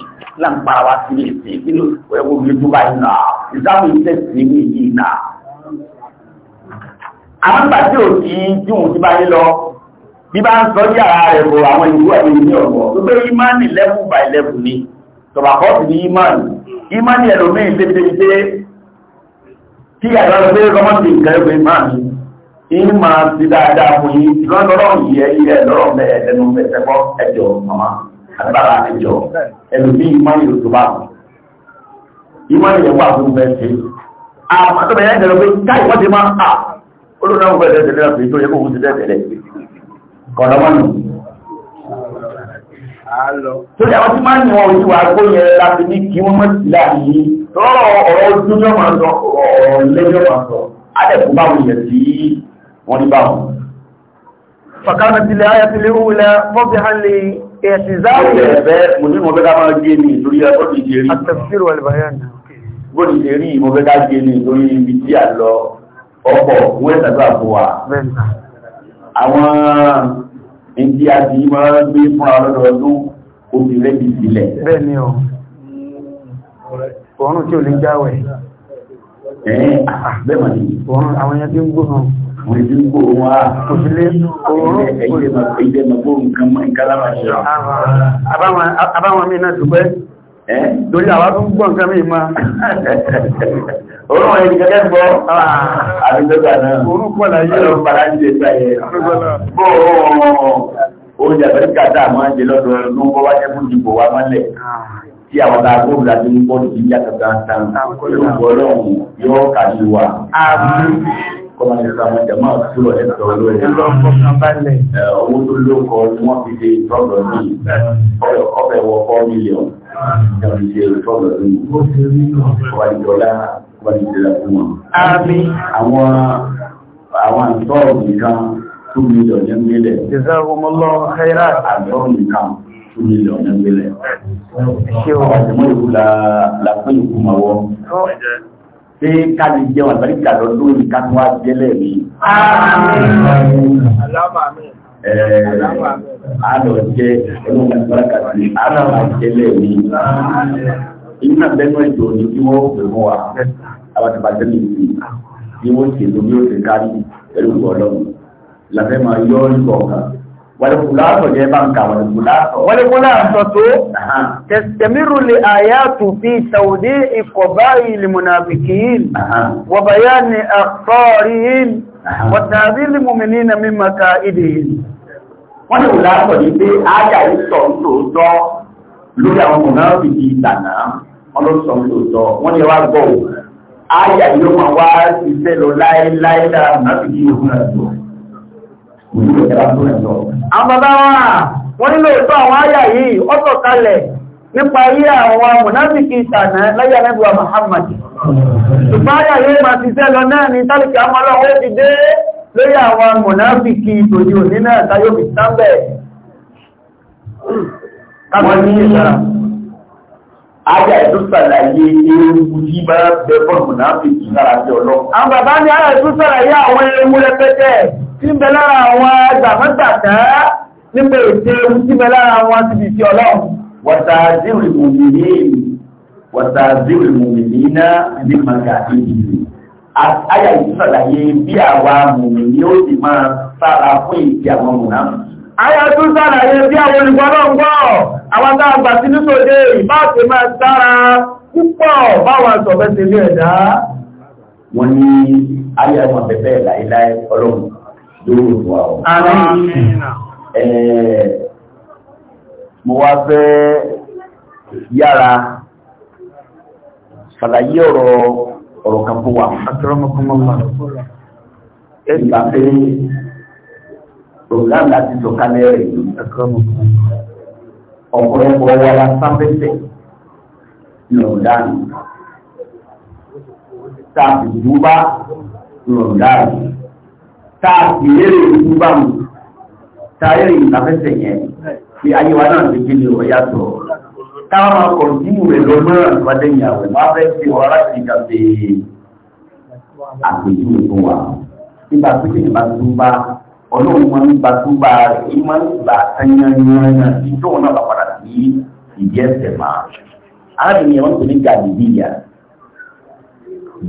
láǹpara wa sí ìsìn kí ló ẹwọ́ mi tó bá iná ìsáwọn iṣẹ́ sí ní ìyí náà àwọn gbà bí bá ń sọ jí ara rẹ̀ bò àwọn ìlú ẹ̀mí ní ọ̀gbọ̀ tó gbé ìmánì level by level ni tọ̀bàkọ́ sí ní ìmánì ìmánì ẹlòmí ìdébìdé tí àyọ̀ gbé rọmọ́sì nǹkan ẹgbẹ̀ ìmánì ìyí máa ti dáadáa fún yí lọ́dọ́rọ̀ yìí ẹyí ẹ lọ́rọ̀ mẹ́ ẹ̀dẹ̀nu mẹ́tẹ́kọ́ ẹjọ́ mama àgbàrá ẹjọ́ ẹlòmí ìmánì ló tó bá wọn ìmánì yẹn wà fún bẹ́ẹ̀ ṣe àmọ́ tó bẹ̀rẹ̀ ẹ̀dẹ̀rọ̀ pé káì wọ́n ti máa ń ta olóòrùn náà ń fẹ́ ẹ̀dẹ̀ tẹ̀lé ọ̀rọ̀ wọn nù. Torí àwọn tí máa ń yàn òyìnbó àgbo yẹn láti ní kí wọ́n mọ̀tì láàyè lọ́rọ̀ ọ̀rọ̀ ojú yóò máa sọ ọ̀rọ̀ ilé yóò máa sọ. Adẹ̀kùn báwo yẹ̀ sí wọ́n ní báwo. Fàkánà tilẹ̀ ayé ti lérú ilẹ̀ fọ́bí hàn lè ẹ̀sìn záàrì. Ẹ̀bẹ̀ mo ní mo fẹ́ ká máa gé mi lórí ẹ̀kọ́ ti jẹ́rí. Àtẹ̀síro àlùbáyán. Bóni ṣe rí mo fẹ́ ká gé mi lórí ibi tí à Àwọn ìdí àti máa ń gbé fúnra lọ́dọọdún ó ti rẹ́bi sílẹ̀. bẹ́ẹ̀ ni o ọ̀run tí ò lè jáwẹ̀. ẹ̀ẹ́n bẹ́ẹ̀ mọ̀ ni. ọ̀run àwọn ẹyẹ tí ń gbó hàn. àwọn ẹyẹ tí ń gbó wọn á. kò sí lé ọ̀run. ẹ̀yẹ́ mọ̀ pé nǹkan mọ́ nǹkan torí àwọn tó ń gbọ́ nǹkan ah. mí máa orúkọ yìí gẹ́gẹ́ bọ́ àbíjọba náà orúkọ láyé ọ̀rọ̀ padà ń jẹ sáyẹ bó oúnjẹ àbẹ́ríkà tá a máa ń jẹ lọ́dọ̀ ọdún bọ́ wájẹ́ fún ìdìbò wa mọ́lẹ̀ tí àwọn tá a gbóhùn láti ń bọ́ nìyí yàtọ̀ tán tán yóò gbọ́ lọ́hùn yóò kà wa. àmín kọ́mọ ní sàmú jàmá àtúrò ẹ̀ sọ lórí. owó tó ló kọ ni wọ́n fi ṣe tọ́lọ̀ yìí ọbẹ̀ wọ fọ́ mílíọ̀nù náà fi ṣe tọ́lọ̀ yìí wà ìjọba wà ìjọba fún wọn. àwọn àwọn àǹtọ́ọ̀ nìkan two million ní mílẹ̀. ìṣàkùnmọ́lọ́ ẹ̀rá. àǹtọ́ọ̀ nìkan two million ní mílẹ̀. ṣé o. àwọn àjẹmọ́ ìkú la la pé ká lè jẹun àgbàríkà lọ́dún yìí ká tún wá jẹ́lẹ̀ rí. Àlọ́ jẹ́ ẹ̀rọ àgbàríkà sí àlọ́ jẹ́lẹ̀ rí. Iná bẹ́nu ètò òní kí wọ́n pè fún wa, àbátàbátà lè fi bí wọ́n ṣe lóbi ó ṣe kárí pẹ̀lú ọlọ́run. Làfẹ́ máa yọ ọ́ nígbà ọ̀kan walikulaatɔ jɛ ban ka walikulaatɔ. walikulaatɔ to tɛsitɛmiru le ayatu fi tawudi ikɔbayi limunafikin wabayani akɔrihin watabi limuminina mima ka idihin. wọ́n ní wùlátọ̀ yìí pé ájá sọ nítòótọ́ lórí àwọn mùnáfìkì ìtànà wọ́n ló sọ nítòótọ́ wọ́n ní wá gbọ́ ájá ló máa wá ṣiṣẹ́ lọ láéláé lára mùnáfìkì ìhùn àjò àbàbáwà wọ́n nílò ìtọ́ àwọn àyà yìí ó sọ̀kalẹ̀ nípa ayé àwọn mùnáfíkì ìtànà láyé alẹ́bùwà Muhammad ṣùgbọ́n àyà yìí ma ti sẹ́ lọ náà ní tálìkì amọ́lọ́wọ́ ti dé lórí àwọn mùnáfíkì ìtòjì òní náà táyọ̀ ayé àìsúsàlàyé ewu tí máa bẹ bọ́ọ̀lù náà fi jù lára sí ọlọ́run. àwọn bàbá ní ayé àìsúsàlàyé àwọn ewu rẹpẹtẹ tí ń bẹ lára àwọn gbàmọ́gbàtà nípa ètò ewu tí ń bẹ lára àwọn ti fi ọlọ́run. wàtàzírì mùmìnì wàtàzírì mùmìnì náà ní màgà ìdìbò. ayé àìsúsàlàyé bí àwa mùmìnì ó sì máa sára fún ìdí àwọn mùnà. ayé àìsúsàlàyé bí àwọn olùgbọ́ àwọn tá a gbà sí nítòdé ìbáàkì máa dára púpọ̀ báwọn sọ̀fẹ́ ti rí ẹ̀dá wọ́n ní ayé àwọn bẹ̀bẹ̀ láìláì ọlọ́run lórí ìwà ọ̀ mo wá fẹ́ yára ṣàlàyé ọ̀rọ̀ ọ̀rọ̀ kan fún wa ẹgbà pé rògbàmù láti sọ̀kalẹ̀ rẹ̀ ọ̀pọ̀lọpọ̀ wa la sáfẹ́fẹ́ lọ̀dánù tààtì dúbá lọ̀dánù tààtì lérè dúbá mú tààrẹ ìtafẹ́fẹ́ yẹn tí ayé wa náà ti kí ni ọ̀yá tọ̀ táwọn máa kọ̀ sí ìwé lọ́mọ́ràn tó bá dẹ́yìn àwẹ̀ ọlọ́run máa ń gba tó bá rẹ̀ ó máa ń gbà tányányányá ní tóun náà bá padà sí ìdí ẹsẹ̀ máa. arábìnrin yẹn wọ́n pè ní gàdìdíyà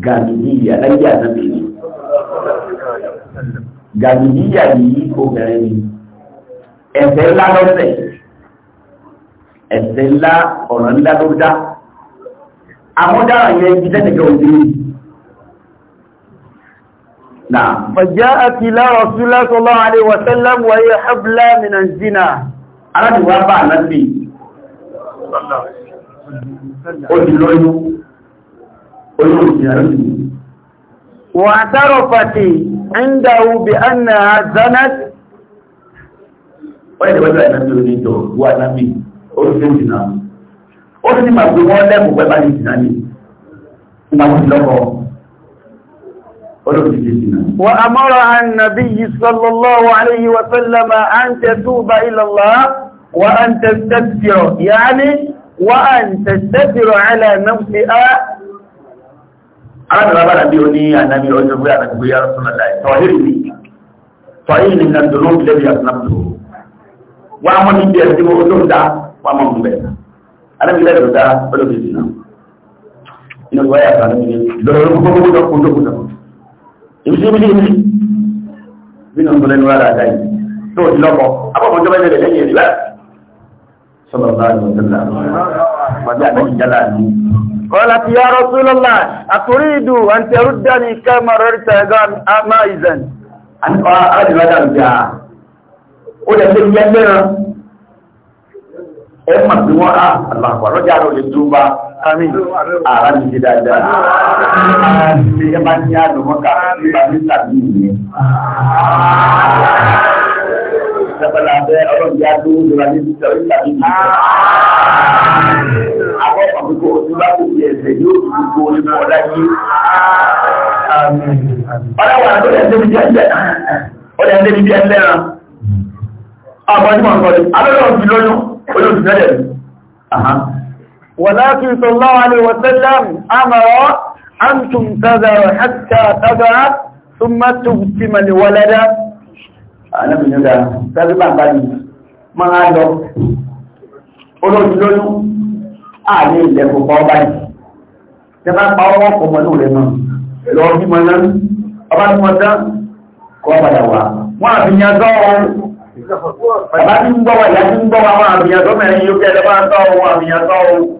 gàdìdíyà láyé ànábì ni gàdìdíyà yìí obìnrin ni ẹ̀ṣẹ̀ ńlá lọ́sẹ̀ ẹ̀ṣẹ̀ ńlá ọ̀ràn ńlá ló dá àwọn yẹn ibi tẹ́tẹ̀kẹ́ òde نعم فجاءت الى رسول الله صلى الله عليه وسلم وهي حبلى من الزنا اراد وابا النبي صلى الله عليه وسلم واعترفت عنده بانها زنت وين وين النبي يريد هو النبي ó sì máa gbé wọ́n lẹ́kùn pẹ́ bá ní ìsìnà ní ìgbàmùsílọ́kọ̀ọ́ وأمر النبي صلى الله عليه وسلم أن تتوب إلى الله وأن تستكبر يعني وأن تستكبر على نفسها أنا ربنا بيوني أنا بيوني أنا يا رسول الله طهرني طهرني من الذنوب الذي أذنبته وأمر النبي أن تتوب دا وأمر مبينا أنا بيوني دا ولو بيجينا إنه ويا كان لو لو كنت كنت كنت ìṣúrí ní bí nà ń bọ̀lẹ́nu ara àdá yìí tó ti lọ́kọ̀ abọ́mọjọ́ bá lẹ́lẹ̀ lẹ́yìn ìrìlá sọ́lọ̀ bá lọ sọ́lá pàdé àdáyìn jálá ní kọ́lá ti yá rọ́súlọ́lá àtúrí ìdù àti ẹrú dání kẹ́mà rẹ̀ tẹ̀gá àmà ìzẹ̀n ó lè fi jẹ́ mẹ́ran ẹ mà bí wọ́n á àlàkọ̀ lọ́jà ló lè túbà Amin. Ara mi ti dáadáa. Ṣé ẹ bá ní àdùnmọ́ka nípa ní tàbí ìyẹn? Ìjọba bẹ ọlọ́run bí a tó ń lura ní tàbí tàbí ìyẹn. Àwọn ọ̀pọ̀lọpọ̀ ojú bá kò fi ẹsẹ̀ yóò fi gbogbo onímọ̀ ọ̀dá yìí. Ọlọ́wọ́ àti ọ̀dẹ̀ ẹ̀dẹ́ mi jẹ́ ẹ̀dẹ́. Ọ̀dẹ̀ ẹ̀dẹ́ mi jẹ́ ẹ̀dẹ́ rán. Àwọn ọmọdé mọ̀ nǹkan ولكن صلى الله عليه وسلم أمر أن تنتظر حتى تبعث ثم تبتم الولد أنا من هذا تذبع بني ما عنده olóòtú lóyún ààrẹ ilẹ̀ kò pa ọba yìí tẹ bá pa ọwọ́ kò mọ̀lú rẹ̀ náà lọ bí mọ̀ náà ọba tí wọ́n dán kọ́ padà wà wọ́n àfihàn sọ́ ohun bàbá tí ń gbọ́wà ìyá tí ń gbọ́wà wọ́n àfihàn sọ́ mẹ́rin yóò kẹ́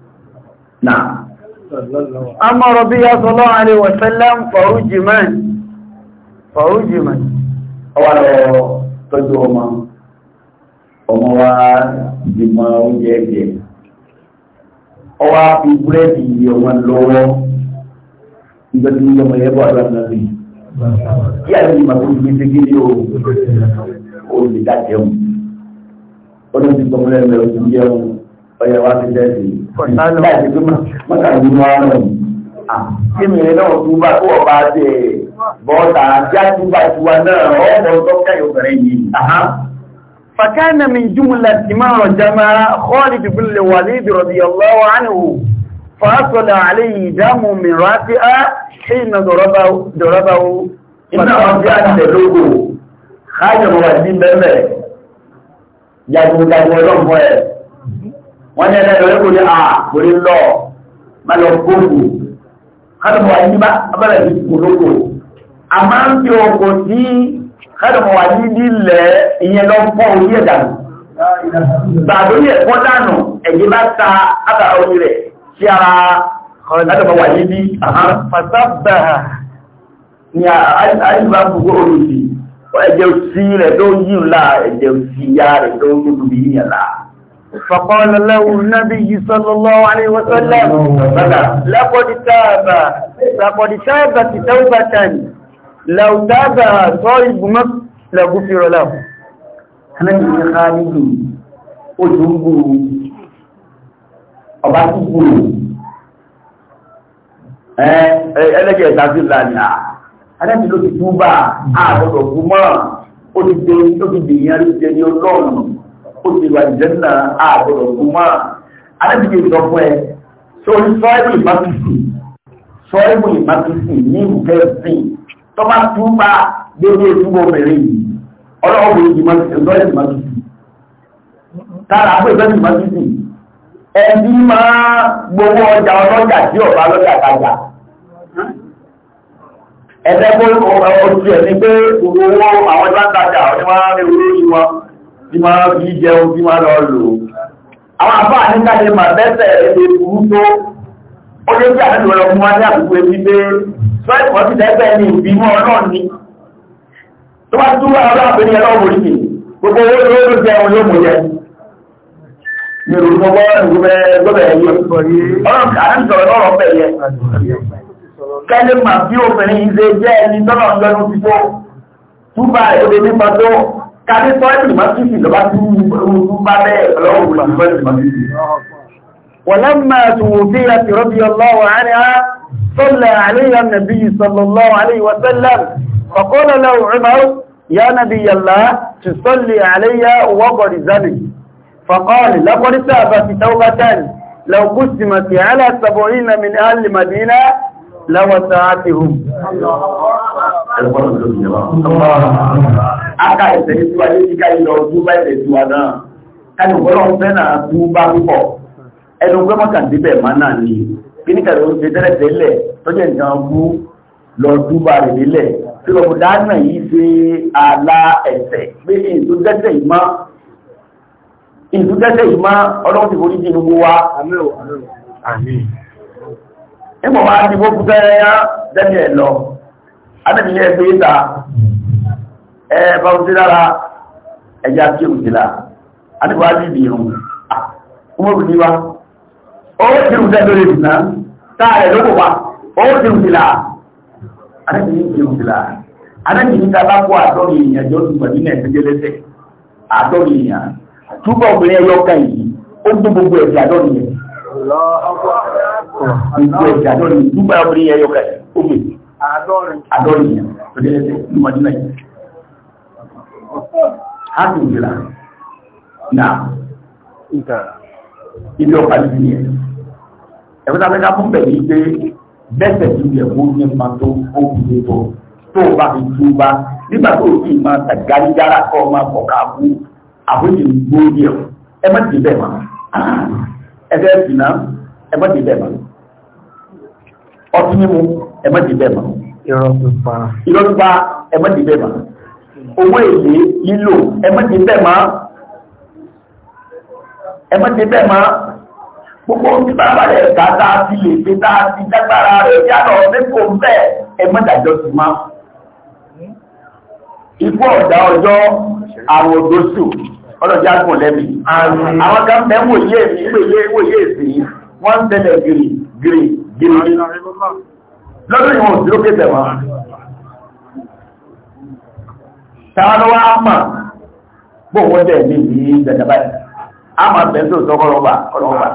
نعم أما ربي صلى الله عليه وسلم فرجما فرجما أولا تجو أما ọmọ wa ìgbìmọ̀ oúnjẹ ẹgbẹ̀ ọwá fi búrẹ́dì ọmọ lọ́wọ́ ìgbẹ̀tí ọmọ ẹgbọ́ àdúrà kí àti ìmọ̀ tó fi ṣe gírí o lè dá jẹun ó ti gbọmọlẹ́mẹ̀ òjò jẹun ọ̀yẹ̀ wá ti dẹ́bi. láti tó mọ́ta ní wọ́n rẹ̀ kí mi náà túbà tó ọba ṣe bọ́ọ̀tà já túbà tiwa náà ọ̀pọ̀ tó kẹ́yọ̀ yìí. فكان من جملة ما رجم خالد بن الوليد رضي الله عنه فأصل عليه دم من رأسه حين ضربه ضربه iná wọn fi àṣẹ lógo káyọ̀ wọn sí bẹ́ẹ̀ wọ́n ní ẹ̀rẹ́ ìrọ̀lẹ́ kò ní à lórí lọ má lọ gbogbo kádùmọ̀ wà ní bá abẹ́rẹ́ ní kòlókò a máa ń fi ọkọ̀ sí kádùmọ̀ wà ní nílẹ̀ ìyẹn lọ fọ́ orí ẹ̀dà gbàdúrí ẹ̀fọ́ dànù ẹ̀yẹ bá ta àtàrà orí rẹ̀ sí ara kádùmọ̀ wà ní bí fasábà ni àìsíwá gbogbo olùsí ẹ̀jẹ̀ òsì rẹ̀ tó yí ńlá ẹ̀jẹ̀ òsì ya rẹ̀ فقال له النبي صلى الله عليه وسلم لقد تاب لقد تابت توبة لو تاب صاحب مصر لغفر له Ànábì Khalidu ojú ń gbòrò ọba tí gbòrò ẹlẹ́gẹ̀ ìdájú lànà Ànábì ló ti túbà ààrùn ọ̀gbùmọ́ ó ti dèyàn ló jẹ ní ọlọ́run ó ti wà ìjẹ́nà ààbọ̀rọ̀ fún máa alábìyẹ sọ fún ẹ tó ní sọ́ẹ́bù ìmákìsì sọ́ẹ́bù ìmákìsì ní ìkẹ́sìn tó bá tún bá gbogbo ìtúbọ̀ mẹ́rin yìí ọlọ́wọ́ ìmákìsì tára pé ìfẹ́ ìmákìsì ẹbí máa gbowó ọjà ọlọ́jà tí ọ̀bá lọ́jà kájà ẹ̀dẹ́gbó oṣù ẹ̀ ní pé owó àwọn ìbá ń tajà ọ̀dẹ́wọ́n rí olóyìn wọn tí máa fi jẹun tí máa lọ lò àwọn àbá àníkàṣe mà bẹ́sẹ̀ èdè burú tó ó lé bí àdúgbò lọ fún wa ní àkókò ẹbí pé sọ́ọ̀tì wọ́n ti dẹ́gbẹ́ ní ìbímọ náà ni tó bá tún wà lọ́wọ́ àpẹẹrẹ ọlọ́wọ́ orí mi gbogbo owó ló ló jẹun ló mú jẹ mi ò mọ bọ́ ìgbẹ́ gbọ́dọ̀ ẹ̀yẹ ọlọ́run kà ń sọ̀rọ̀ lọ́rọ̀ bẹ̀ yẹ kẹ́lẹ́ mà bí obìnrin kàdé sọ ẹ̀sìn mọ́síkì lọ́ba tí ó bá bẹ́ẹ̀ lọ́wọ́ ìlú mọ́síkì. ولما توفيت رضي الله عنها صلى عليها النبي صلى الله عليه وسلم فقال له عمر يا نبي الله تصلي علي وقد زني فقال لقد تابت توبة لو قسمت على سبعين من أهل المدينة lọ́wọ́ sáàtìhùn. Aka ìṣẹ̀ ní tíwájú kíká ìlọ túbá ìṣẹ̀ tíwá náà. Ẹnu gbọ́nà ń fẹ́nà túbá púpọ̀. Ẹnu gbọ́nà kàn síbẹ̀ máa náà ni. Kí ní kàrí oúnjẹ tẹ́lẹ̀ tẹ́lẹ̀ tó jẹ́ nǹkan kú lọ túbá rẹ̀ nílẹ̀. Tí lọ́pọ̀ dáná yìí ṣe àlá ẹ̀ṣẹ̀ pé èso dẹ́ṣẹ̀ yìí mọ́. Èso dẹ́ṣẹ̀ yìí mọ́ ọlọ́run ti forí jìn gbogbo wa. Àmín ìmọ̀ máa ti gbogbo fẹ́ẹ́yá dẹ́mi ẹ̀ lọ adẹ́mìlẹ̀ ẹgbẹ́ ìta ẹ̀ẹ́bà òsì lára ẹ̀yà tí òsì là adẹ́bà á dìbì ìrùn ọmọbìn ní wa ó ti rùn tẹ́lẹ̀ lórí ìdùnnà táàrẹ̀ lókò wa ó ti rùn sílà adẹ́mìlẹ̀ ti rùn sílà adẹ́mìlẹ̀ ta bá kó àtọ́rì èèyàn jọ tùgbà nínú ẹ̀sẹ̀jẹlẹsẹ̀ àtọ́rì èèyàn túbọ̀ obìnrin ẹyọ kan yìí ó gbogbo ẹ̀sẹ̀ àtọ́rì yẹn gbogbo ẹ̀jẹ̀ àdọ́rin dúpẹ́ ọmọdé yẹn yọkẹ̀ omi àdọ́rin yẹn ọtí mímu ẹ̀mọ́dì bẹ́ẹ̀ mọ́. ìrọ̀pípa ìrọ̀pípa ẹ̀mọ́dì bẹ́ẹ̀ mọ́. owó èlé lílò ẹ̀mọ́dì bẹ́ẹ̀ mọ́. ẹ̀mọ́dì bẹ́ẹ̀ mọ́. gbogbo tí bàbá rẹ̀ ká tá a ti lè fi tá a ti dágbára rẹ̀ yálọ̀ lẹ́kọ̀ọ́ bẹ́ẹ̀ ẹ̀mọ́dàjọ́ ti má. ikú ọ̀dà ọjọ́ àwọn òdòṣù ọlọ́jà gùn lẹ́bi. àwọn kan fẹ́ wòye èsì wọ́n ń tẹ̀lé gírì gírì gírí lọ́dún ìwọ̀n tí ó kéfẹ̀ wọn tààlọ́wọ́ àmà bó wọ́n jẹ́ ní ìlú ìjẹ̀dàbá àmà bẹ̀ntó sọ́kọ́lọ́wà ọlọ́wà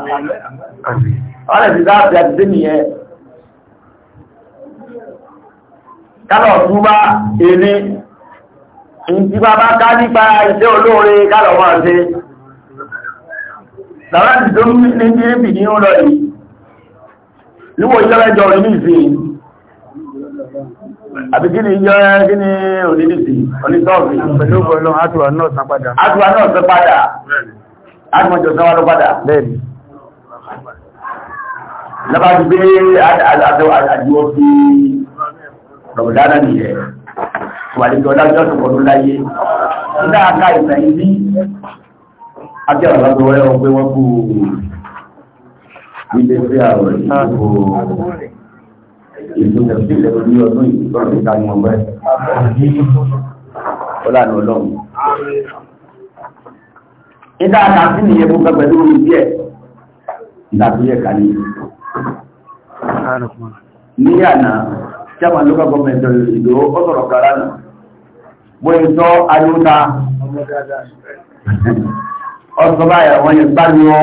ọ̀rẹ́ ti dáàbì àti sínìyàn kálọ̀ túbá èlé ìtí bàbá ká nípa iṣẹ́ olóore kálọ̀ máa ṣe lọ́rẹ́ ti tó ní ní ní ní ó lọ yìí níwò ìjọ́rẹ́jọ́ rẹ̀ ní ìsìn àbí kí ni ìjọ́rẹ́ kí ni onídìsì onítọ́ọ̀fì pẹ̀lú ọgbọ̀lọ́ àtùwà náà san padà àtùwà náà san padà àtùmọ̀jọ̀ san wádọ́ padà bẹ́ẹ̀ni lọ́pàá ti gbé àdíwọ́ sí rọ̀bùdánà nìyẹn ìwàlejò ọlájọ́ ṣùgbọ́n láyé ní dáadáa ìsẹ̀yìn bí nílé sí àwọ̀ ìlú ah. ìlú tẹ̀sílẹ̀ ní ọdún ìgbọ́n ìta ni ọgbẹ́ ó lànà ọlọ́run ìdá àtàtì ni ẹgbùn pẹ́ pẹ̀lú orí díẹ̀ ìdá tó yẹ ká ní ní àná chairman local government ìlú ọ̀sọ̀rọ̀ kára nà bóyá sọ ayọ́ta ọ̀sọ̀ báyà wọ́n yẹ gbá ní ọ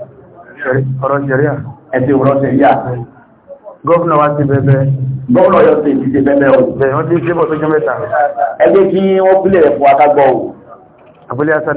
ọ̀rọ̀ ṣẹ̀ríà ẹ̀sìn ọ̀rọ̀ ṣẹ̀ríà gọ́ọ̀nà wa ti bẹ̀bẹ̀ gọ́ọ̀nà ọ̀yọ́ ti ti bẹ̀bẹ̀ o bẹ̀rẹ̀ wọ́n ti ṣe bọ̀ tó jẹ́ mẹ́ta ẹgbẹ́ kí wọ́n pílẹ̀ ẹ̀fọ́